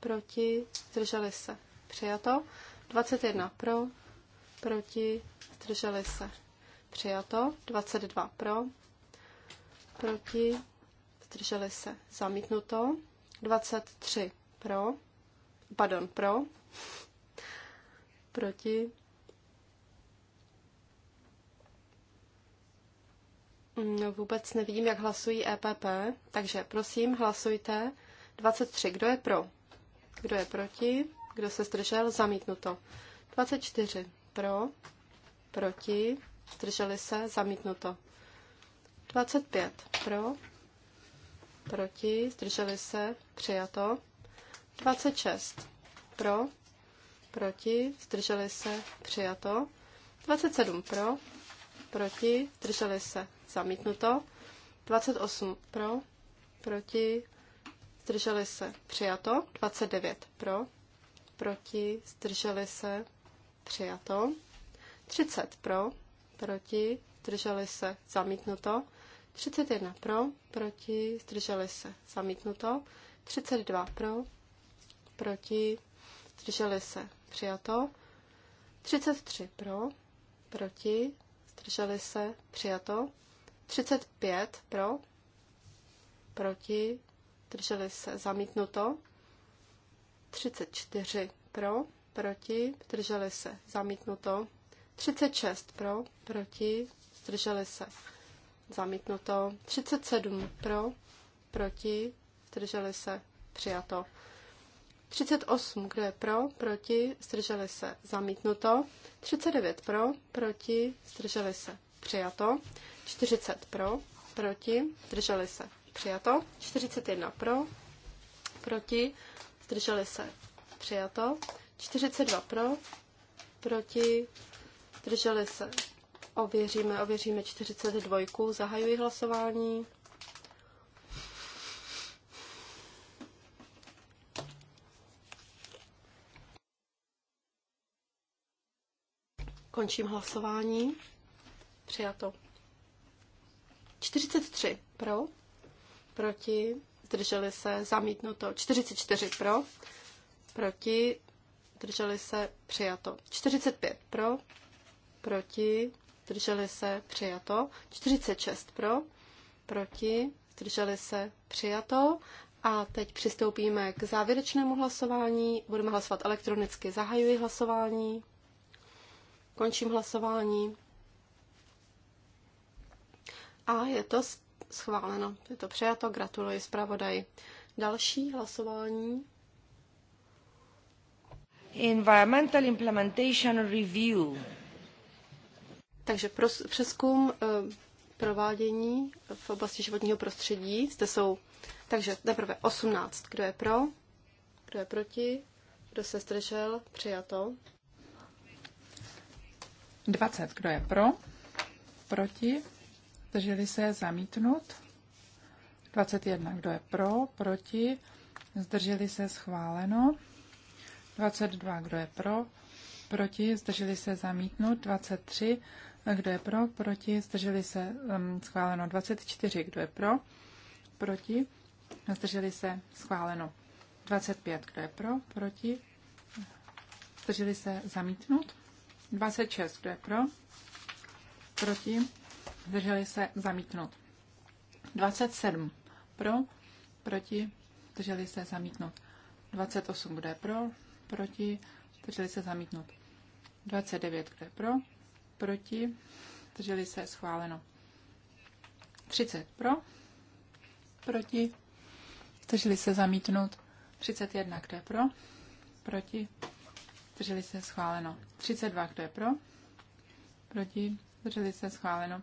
Speaker 2: proti, zdrželi se. Přijato 21 pro, proti, zdrželi se. Přijato 22 pro, proti, zdrželi se. Zamítnuto 23 pro, pardon, pro, proti, Mm, vůbec nevidím, jak hlasují EPP, takže prosím, hlasujte. 23. Kdo je pro? Kdo je proti? Kdo se zdržel? Zamítnuto. 24. Pro? Proti? Zdrželi se? Zamítnuto. 25. Pro? Proti? Zdrželi se? Přijato. 26. Pro? Proti? Zdrželi se? Přijato. 27. Pro? Proti? Zdrželi se? zamítnuto. 28 pro, proti, zdrželi se, přijato. 29 pro, proti, zdrželi se, přijato. 30 pro, proti, zdrželi se, zamítnuto. 31 pro, proti, zdrželi se, zamítnuto. 32 pro, proti, zdrželi se, přijato. 33 pro, proti, zdrželi se, přijato. 35 pro, proti, drželi se, zamítnuto. 34 pro, proti, drželi se, zamítnuto. 36 pro, proti, zdrželi se, zamítnuto. 37 pro, proti, zdrželi se, přijato. 38, kdo je pro, proti, zdrželi se, zamítnuto. 39 pro, proti, zdrželi se, přijato. 40 pro, proti, zdrželi se, přijato. 41 pro, proti, zdrželi se, přijato. 42 pro, proti, zdrželi se, ověříme, ověříme 42, zahajuji
Speaker 1: hlasování.
Speaker 2: Končím hlasování. Přijato. 43 pro, proti, Drželi se, zamítnuto. 44 pro, proti, Drželi se, přijato. 45 pro, proti, Drželi se, přijato. 46 pro, proti, Drželi se, přijato. A teď přistoupíme k závěrečnému hlasování. Budeme hlasovat elektronicky. Zahajuji hlasování. Končím hlasování. A je to schváleno. Je to přijato. Gratuluji zpravodaji. Další hlasování. Environmental Implementation Review. Takže pros, přeskum eh, provádění v oblasti životního prostředí. Zde jsou, takže teprve 18. Kdo je pro? Kdo je proti? Kdo se zdržel? Přijato.
Speaker 3: 20. Kdo je pro? Proti? Zdrželi se zamítnut. 21. Kdo je pro? Proti? Zdrželi se schváleno. 22. Kdo je pro? Proti? Zdrželi se zamítnut. 23. Kdo je pro? Proti? Zdrželi se um, schváleno. 24. Kdo je pro? Proti? Zdrželi se schváleno. 25. Kdo je pro? Proti? Zdrželi se zamítnut. 26. Kdo je pro? Proti? zdrželi se zamítnout. 27 pro, proti, zdrželi se zamítnout. 28 bude pro, proti, zdrželi se zamítnout. 29 bude pro, proti, zdrželi se schváleno. 30 pro, proti, zdrželi se zamítnout. 31 kde pro, proti, zdrželi se schváleno. 32 kde pro, proti, zdrželi se schváleno.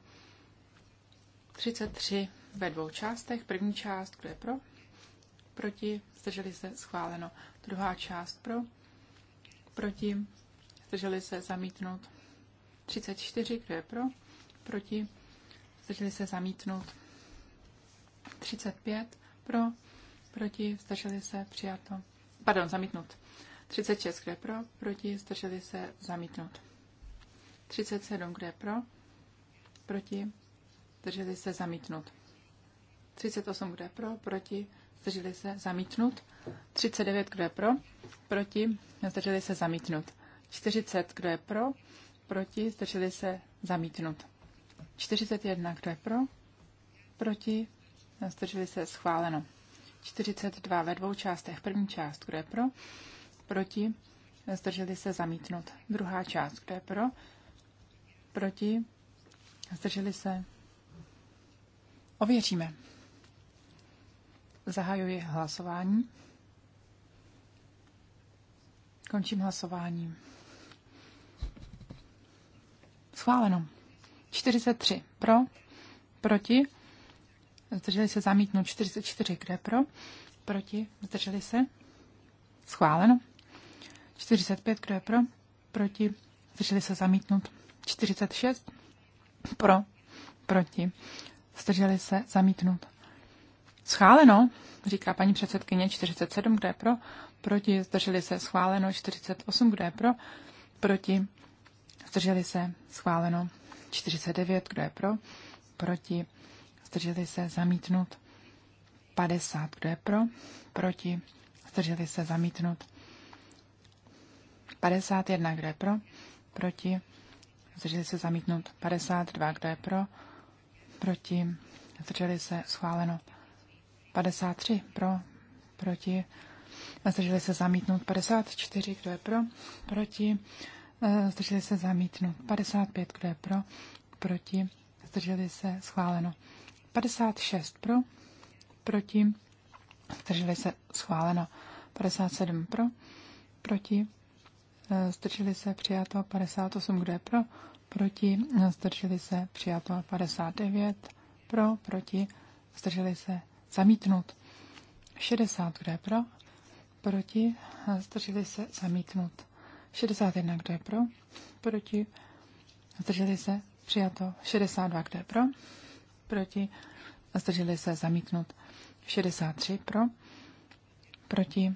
Speaker 3: 33 ve dvou částech. První část, kdo je pro? Proti, zdrželi se, schváleno. Druhá část pro, proti, zdrželi se, zamítnout. 34, kdo je pro? Proti, zdrželi se, zamítnout. 35 pro, proti, zdrželi se, přijato. Pardon, zamítnout. 36, kdo je pro? Proti, zdrželi se, zamítnout. 37, kdo je pro? Proti, zdrželi se zamítnut. 38, kdo je pro, proti, zdrželi se zamítnut. 39, kdo je pro, proti, zdrželi se zamítnut. 40, kdo je pro, proti, zdrželi se zamítnut. 41, kdo je pro, proti, zdrželi se schváleno. 42 ve dvou částech. První část, kdo je pro, proti, zdrželi se zamítnut. Druhá část, kdo je pro, proti, zdrželi se Ověříme. Zahajuji hlasování. Končím hlasování. Schváleno. 43 pro, proti, zdrželi se zamítnout 44, kde pro, proti, zdrželi se, schváleno. 45, kdo je pro, proti, zdrželi se zamítnout 46, pro, proti, zdrželi se, zamítnut. Schváleno, říká paní předsedkyně 47, kde je pro, proti, zdrželi se, schváleno 48, kde je pro, proti, zdrželi se, schváleno 49, kde je pro, proti, zdrželi se, zamítnut 50, kde je pro, proti, zdrželi se, zamítnut 51, kde je pro, proti, zdrželi se, zamítnut 52, kde je pro, proti, zdrželi se, schváleno. 53 pro, proti, zdrželi se zamítnout. 54, kdo je pro, proti, eh, zdrželi se zamítnout. 55, kdo je pro, proti, zdrželi se, schváleno. 56 pro, proti, zdrželi se, schváleno. 57 pro, proti, eh, zdrželi se, přijato. 58, kdo je pro, proti, zdrželi se, přijato 59, pro, proti, zdrželi se, zamítnut. 60, kdo je pro, proti, zdrželi se, zamítnut. 61, kdo je pro, proti, zdrželi se, přijato. 62, kdo je pro, proti, zdrželi se, zamítnut. 63, pro, proti,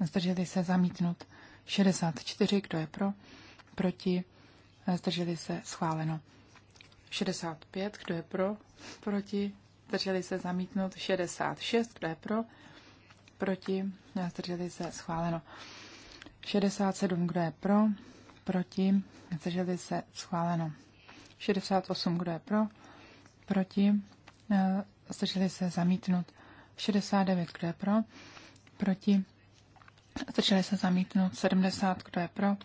Speaker 3: zdrželi se, zamítnut. 64, kdo je pro, proti, zdrželi se, schváleno. 65, kdo je pro, proti, zdrželi se, zamítnout. 66, kdo je pro, proti, zdrželi se, schváleno. 67, kdo je pro, proti, zdrželi se, schváleno. 68, kdo je pro, proti, zdrželi se, zamítnut. 69, kdo je pro, proti, zdrželi se, zamítnut. 70, kdo je pro,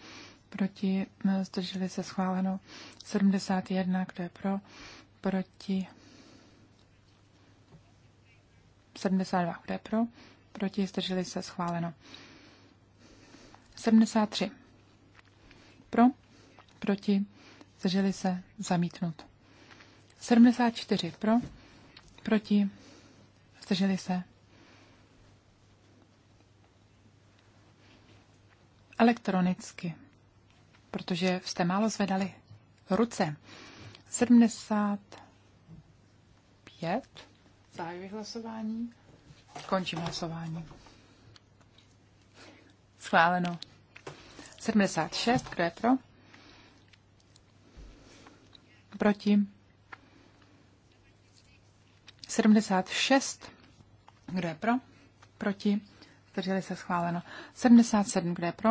Speaker 3: proti, eh, zdrželi se schváleno 71, kdo je pro, proti 72, kdo je pro, proti, zdrželi se schváleno 73, pro, proti, zdrželi se zamítnut 74, pro, proti, zdrželi se elektronicky protože jste málo zvedali ruce. 75. Zahajuji hlasování. Končím hlasování. Schváleno. 76. Kdo je pro? Proti. 76. Kdo je pro? Proti. Zdrželi se schváleno. 77. Kdo je pro?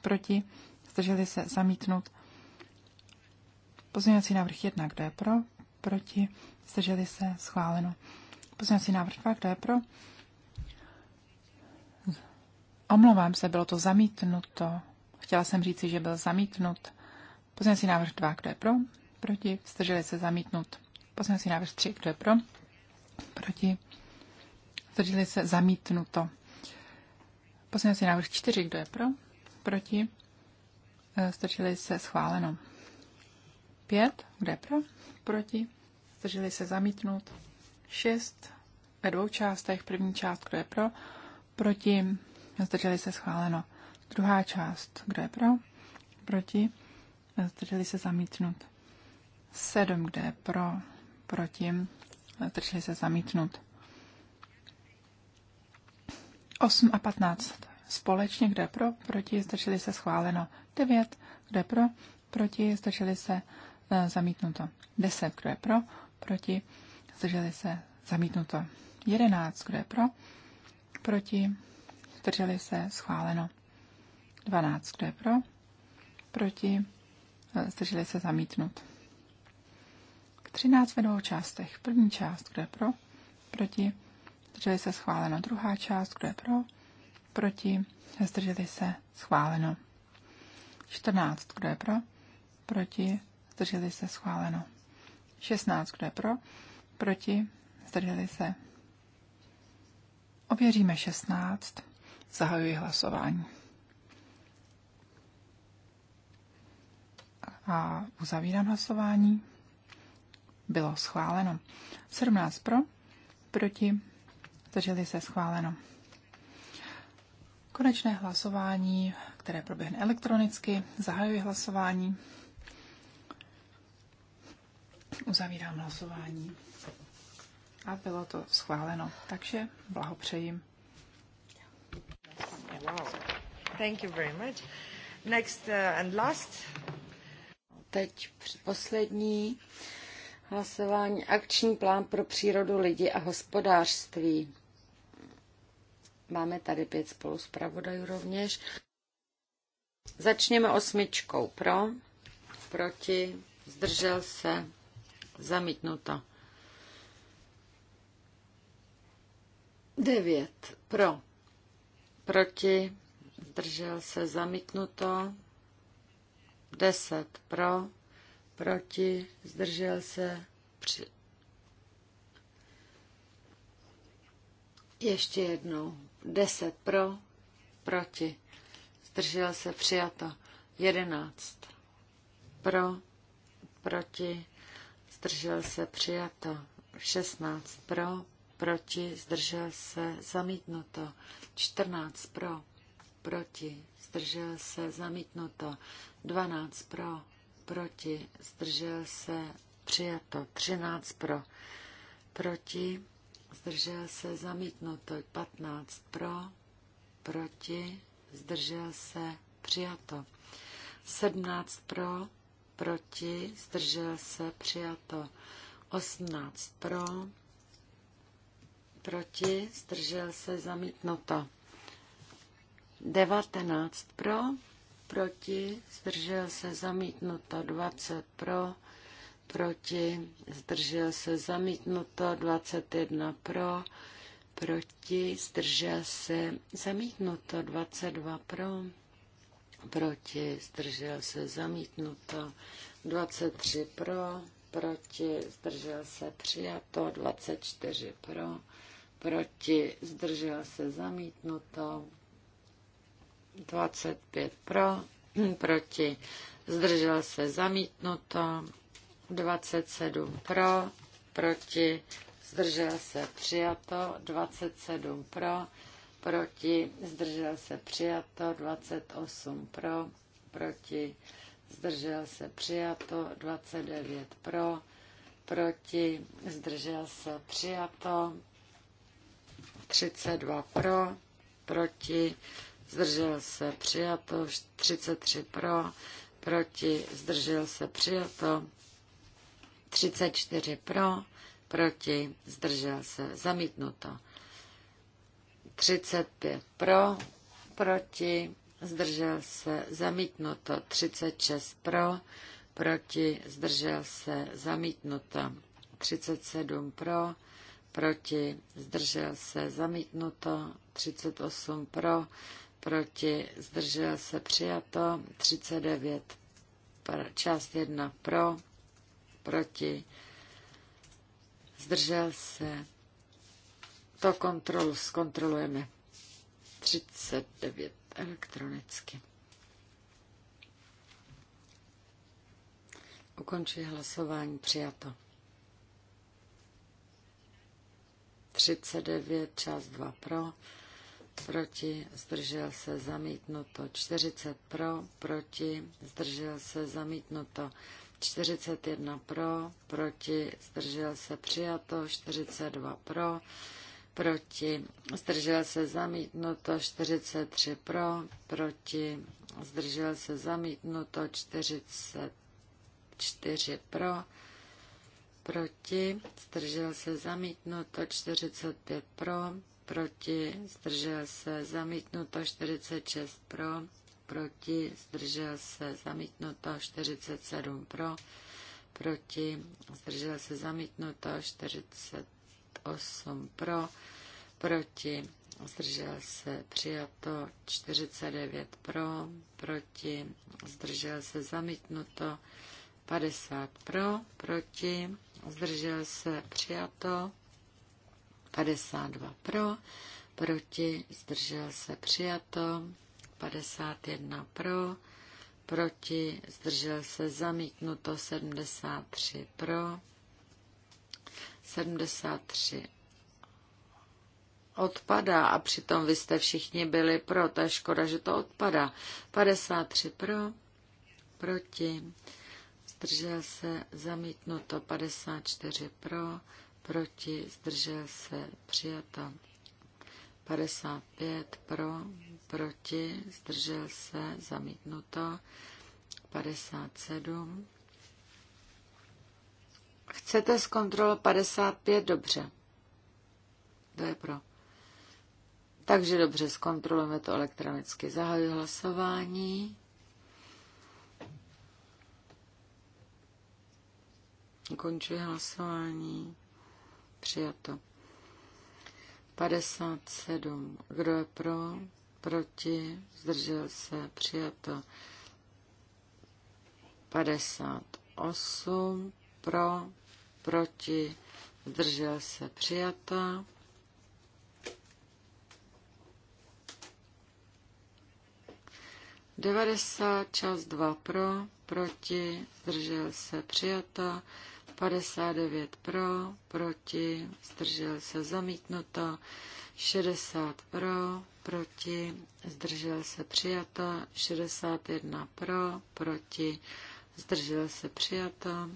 Speaker 3: Proti zdrželi se zamítnut. Pozměňovací návrh 1, kdo je pro, proti, zdrželi se schváleno. Pozměňovací návrh 2, kdo je pro, omlouvám se, bylo to zamítnuto. Chtěla jsem říci, že byl zamítnut. Pozměňovací návrh 2, kdo je pro, proti, zdrželi se zamítnut. Pozměňovací návrh 3, kdo je pro, proti, zdrželi se zamítnuto. Poslanecí návrh 4, kdo je pro? Proti? Zdrželi se schváleno. Pět, Kde pro? Proti. Zdrželi se zamítnout. Šest, Ve dvou částech. První část. Kdo je pro? Proti. Zdrželi se schváleno. Druhá část. Kdo je pro? Proti. Zdrželi se zamítnout. Sedm, Kde je pro? Proti. Zdrželi se zamítnout. 8 a 15 společně, kde pro, proti, zdrželi se schváleno 9, kde e, pro, proti, zdrželi se zamítnuto 10, kde pro, proti, zdrželi se zamítnuto 11, kde pro, proti, zdrželi se schváleno 12, kde pro, proti, e, zdrželi se zamítnut. 13 ve dvou částech. První část, kde pro, proti, zdrželi se schváleno. Druhá část, kde pro, proti, zdrželi se, schváleno. 14, kdo je pro, proti, zdrželi se, schváleno. 16, kdo je pro, proti, zdrželi se. Ověříme 16, zahajuji hlasování. A uzavírám hlasování. Bylo schváleno. 17 pro, proti, zdrželi se schváleno. Konečné hlasování, které proběhne elektronicky. Zahajuji hlasování. Uzavírám hlasování. A bylo to schváleno. Takže blahopřeji.
Speaker 1: Thank you very much. Next uh, and last. Teď poslední hlasování. Akční plán pro přírodu, lidi a hospodářství. Máme tady pět spoluspravodajů rovněž. Začněme osmičkou. Pro, proti, zdržel se, zamítnuto. Devět. Pro, proti, zdržel se, zamítnuto. Deset. Pro, proti, zdržel se, při... Ještě jednou. 10 pro, proti, zdržel se, přijato. 11 pro, proti, zdržel se, přijato. 16 pro, proti, zdržel se, zamítnuto. 14 pro, proti, zdržel se, zamítnuto. 12 pro, proti, zdržel se, přijato. 13 pro, proti, zdržel se zamítnuto 15 pro, proti, zdržel se přijato 17 pro, proti, zdržel se přijato 18 pro, proti, zdržel se zamítnuto 19 pro, proti, zdržel se zamítnuto 20 pro, proti, zdržel se zamítnuto, 21 pro, proti, zdržel se zamítnuto, 22 pro, proti, zdržel se zamítnuto, 23 pro, proti, zdržel se přijato, 24 pro, proti, zdržel se zamítnuto, 25 pro, *clears throat* proti, zdržel se zamítnuto, 27 pro, proti, zdržel se přijato, 27 pro, proti, zdržel se přijato, 28 pro, proti, zdržel se přijato, 29 pro, proti, zdržel se přijato, 32 pro, proti, zdržel se přijato, 33 pro, proti, zdržel se přijato, 34 pro, proti, zdržel se, zamítnuto. 35 pro, proti, zdržel se, zamítnuto. 36 pro, proti, zdržel se, zamítnuto. 37 pro, proti, zdržel se, zamítnuto. 38 pro, proti, zdržel se, přijato. 39 část 1 pro, proti, zdržel se. To kontrolu zkontrolujeme. 39 elektronicky. Ukončuji hlasování. Přijato. 39, část 2 pro, proti, zdržel se, zamítnuto. 40 pro, proti, zdržel se, zamítnuto. 41 pro, proti, zdržel se přijato, 42 pro, proti, zdržel se zamítnuto, 43 pro, proti, zdržel se zamítnuto, 44 pro, proti, zdržel se zamítnuto, 45 pro, proti, zdržel se zamítnuto, 46 pro, proti, zdržel se zamítnuto, 47 pro, proti, zdržel se zamítnuto, 48 pro, proti, zdržel se přijato, 49 pro, proti, zdržel se zamítnuto, 50 pro, proti, zdržel se přijato, 52 pro, proti, zdržel se přijato, 51 pro, proti, zdržel se zamítnuto 73 pro, 73 odpadá a přitom vy jste všichni byli pro, to je škoda, že to odpadá. 53 pro, proti, zdržel se zamítnuto 54 pro, proti, zdržel se přijato 55 pro, proti, zdržel se, zamítnuto, 57. Chcete zkontrolovat 55? Dobře. To je pro. Takže dobře, zkontrolujeme to elektronicky. Zahajuji hlasování. Končuji hlasování. Přijato. 57. Kdo je pro? proti, zdržel se, přijato 58 pro, proti, zdržel se, přijato. Devadesát čas dva pro, proti, zdržel se, přijato. 59 pro, proti, zdržel se zamítnuto, 60 pro, proti, zdržel se přijato, 61 pro, proti, zdržel se přijato,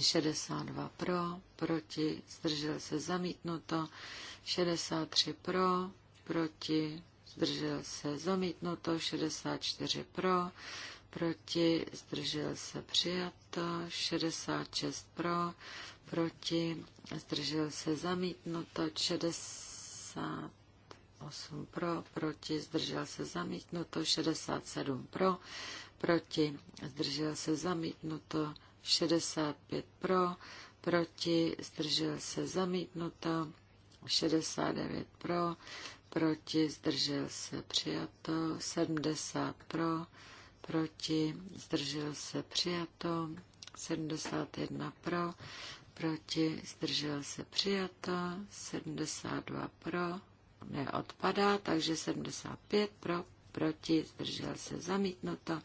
Speaker 1: 62 pro, proti, zdržel se zamítnuto, 63 pro, proti, zdržel se zamítnuto, 64 pro, proti, zdržel se přijato, 66 pro, proti, zdržel se zamítnuto, 60 8 pro, proti, zdržel se zamítnuto, 67 pro, proti, zdržel se zamítnuto, 65 pro, proti, zdržel se zamítnuto, 69 pro, proti, zdržel se přijato, 70 pro, proti, zdržel se přijato, 71 pro, proti, zdržel se přijato, 72 pro, neodpadá, takže 75 pro, proti, zdržel se zamítnuto.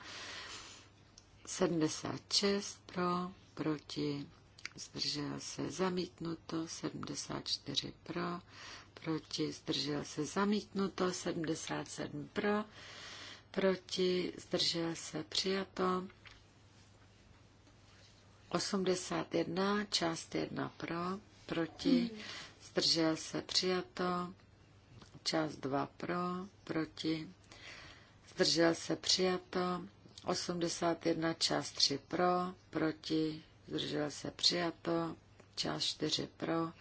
Speaker 1: 76 pro, proti, zdržel se zamítnuto, 74 pro, proti, zdržel se zamítnuto, 77 pro, proti, zdržel se přijato, 81, část 1 pro, proti, hmm. zdržel se přijato, čas 2 pro, proti, zdržel se přijato. 81 čas 3 pro, proti, zdržel se přijato. čas 4 pro,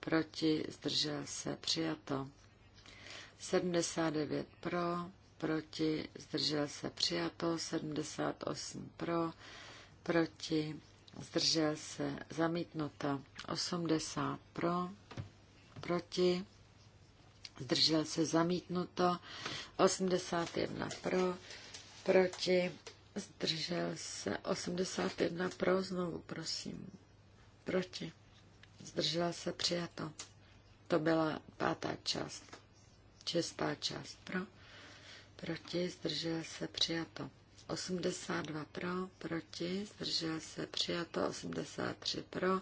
Speaker 1: proti, zdržel se přijato. 79 pro, proti, zdržel se přijato. 78 pro, proti, zdržel se zamítnuto. 80 pro, proti, zdržel se zamítnuto, 81 pro, proti, zdržel se 81 pro, znovu prosím, proti, zdržel se přijato. To byla pátá část, čestá část pro, proti, zdržel se přijato. 82 pro, proti, zdržel se přijato, 83 pro,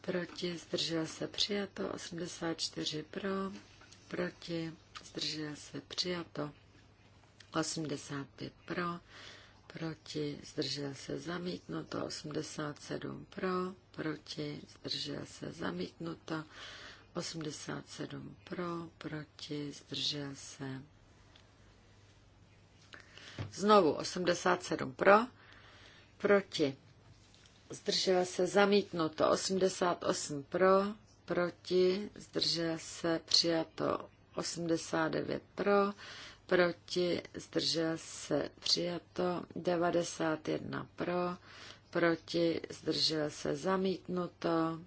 Speaker 1: proti, zdržel se přijato, 84 pro, proti, zdržel se přijato. 85 pro, proti, zdržel se zamítnuto. 87 pro, proti, zdržel se zamítnuto. 87 pro, proti, zdržel se. Znovu 87 pro, proti, zdržel se zamítnuto. 88 pro, proti, zdržel se, přijato 89 pro, proti, zdržel se, přijato 91 pro, proti, zdržel se, zamítnuto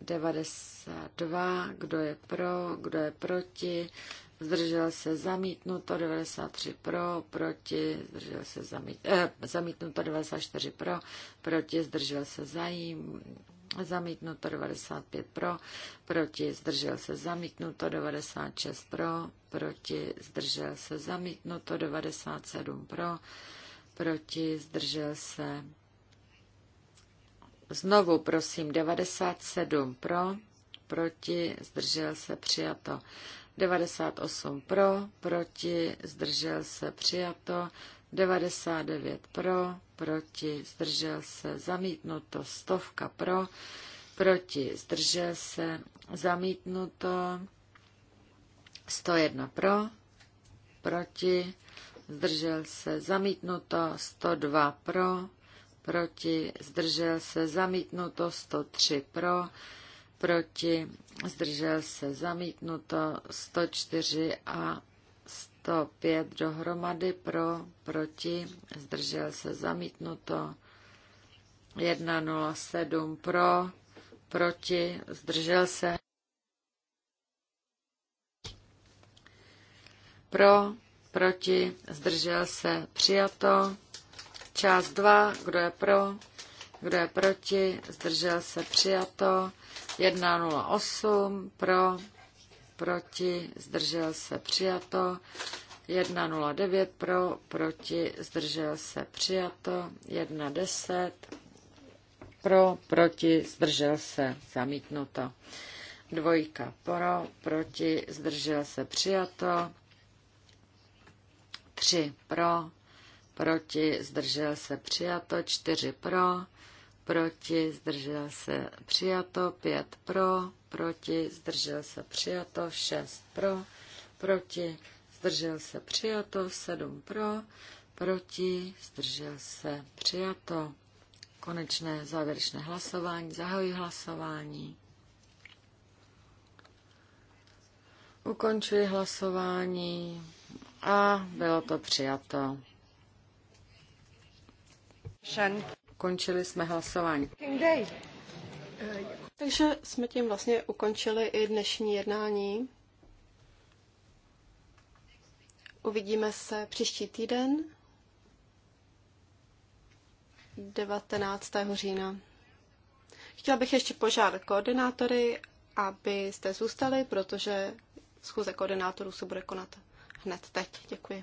Speaker 1: 92, kdo je pro, kdo je proti, zdržel se zamítnuto 93 pro, proti, zdržel se zamít, eh, zamítnuto 94 pro, proti, zdržel se zajím, zamítnuto 95 pro, proti zdržel se zamítnuto 96 pro, proti zdržel se zamítnuto 97 pro, proti zdržel se znovu prosím 97 pro, proti zdržel se přijato 98 pro, proti zdržel se přijato 99 pro, proti, zdržel se, zamítnuto, stovka pro, proti, zdržel se, zamítnuto, 101 pro, proti, zdržel se, zamítnuto, 102 pro, proti, zdržel se, zamítnuto, 103 pro, proti, zdržel se, zamítnuto, 104 a 105 dohromady pro, proti, zdržel se zamítnuto, 107 pro, proti, zdržel se, pro, proti, zdržel se, přijato, část 2, kdo je pro, kdo je proti, zdržel se, přijato, 108 pro, proti, zdržel se přijato. 1,09 pro, proti, zdržel se přijato. 1,10 pro, proti, zdržel se zamítnuto. Dvojka pro, proti, zdržel se přijato. 3 pro, proti, zdržel se přijato. 4 pro, proti, zdržel se přijato, pět pro, proti, zdržel se přijato, šest pro, proti, zdržel se přijato, sedm pro, proti, zdržel se přijato. Konečné závěrečné hlasování, zahajuji hlasování. Ukončuji hlasování a bylo to přijato. Shen. Ukončili jsme hlasování.
Speaker 2: Takže jsme tím vlastně ukončili i dnešní jednání. Uvidíme se příští týden 19. října. Chtěla bych ještě požádat koordinátory, aby zůstali, protože schůze koordinátorů se bude konat hned teď. Děkuji.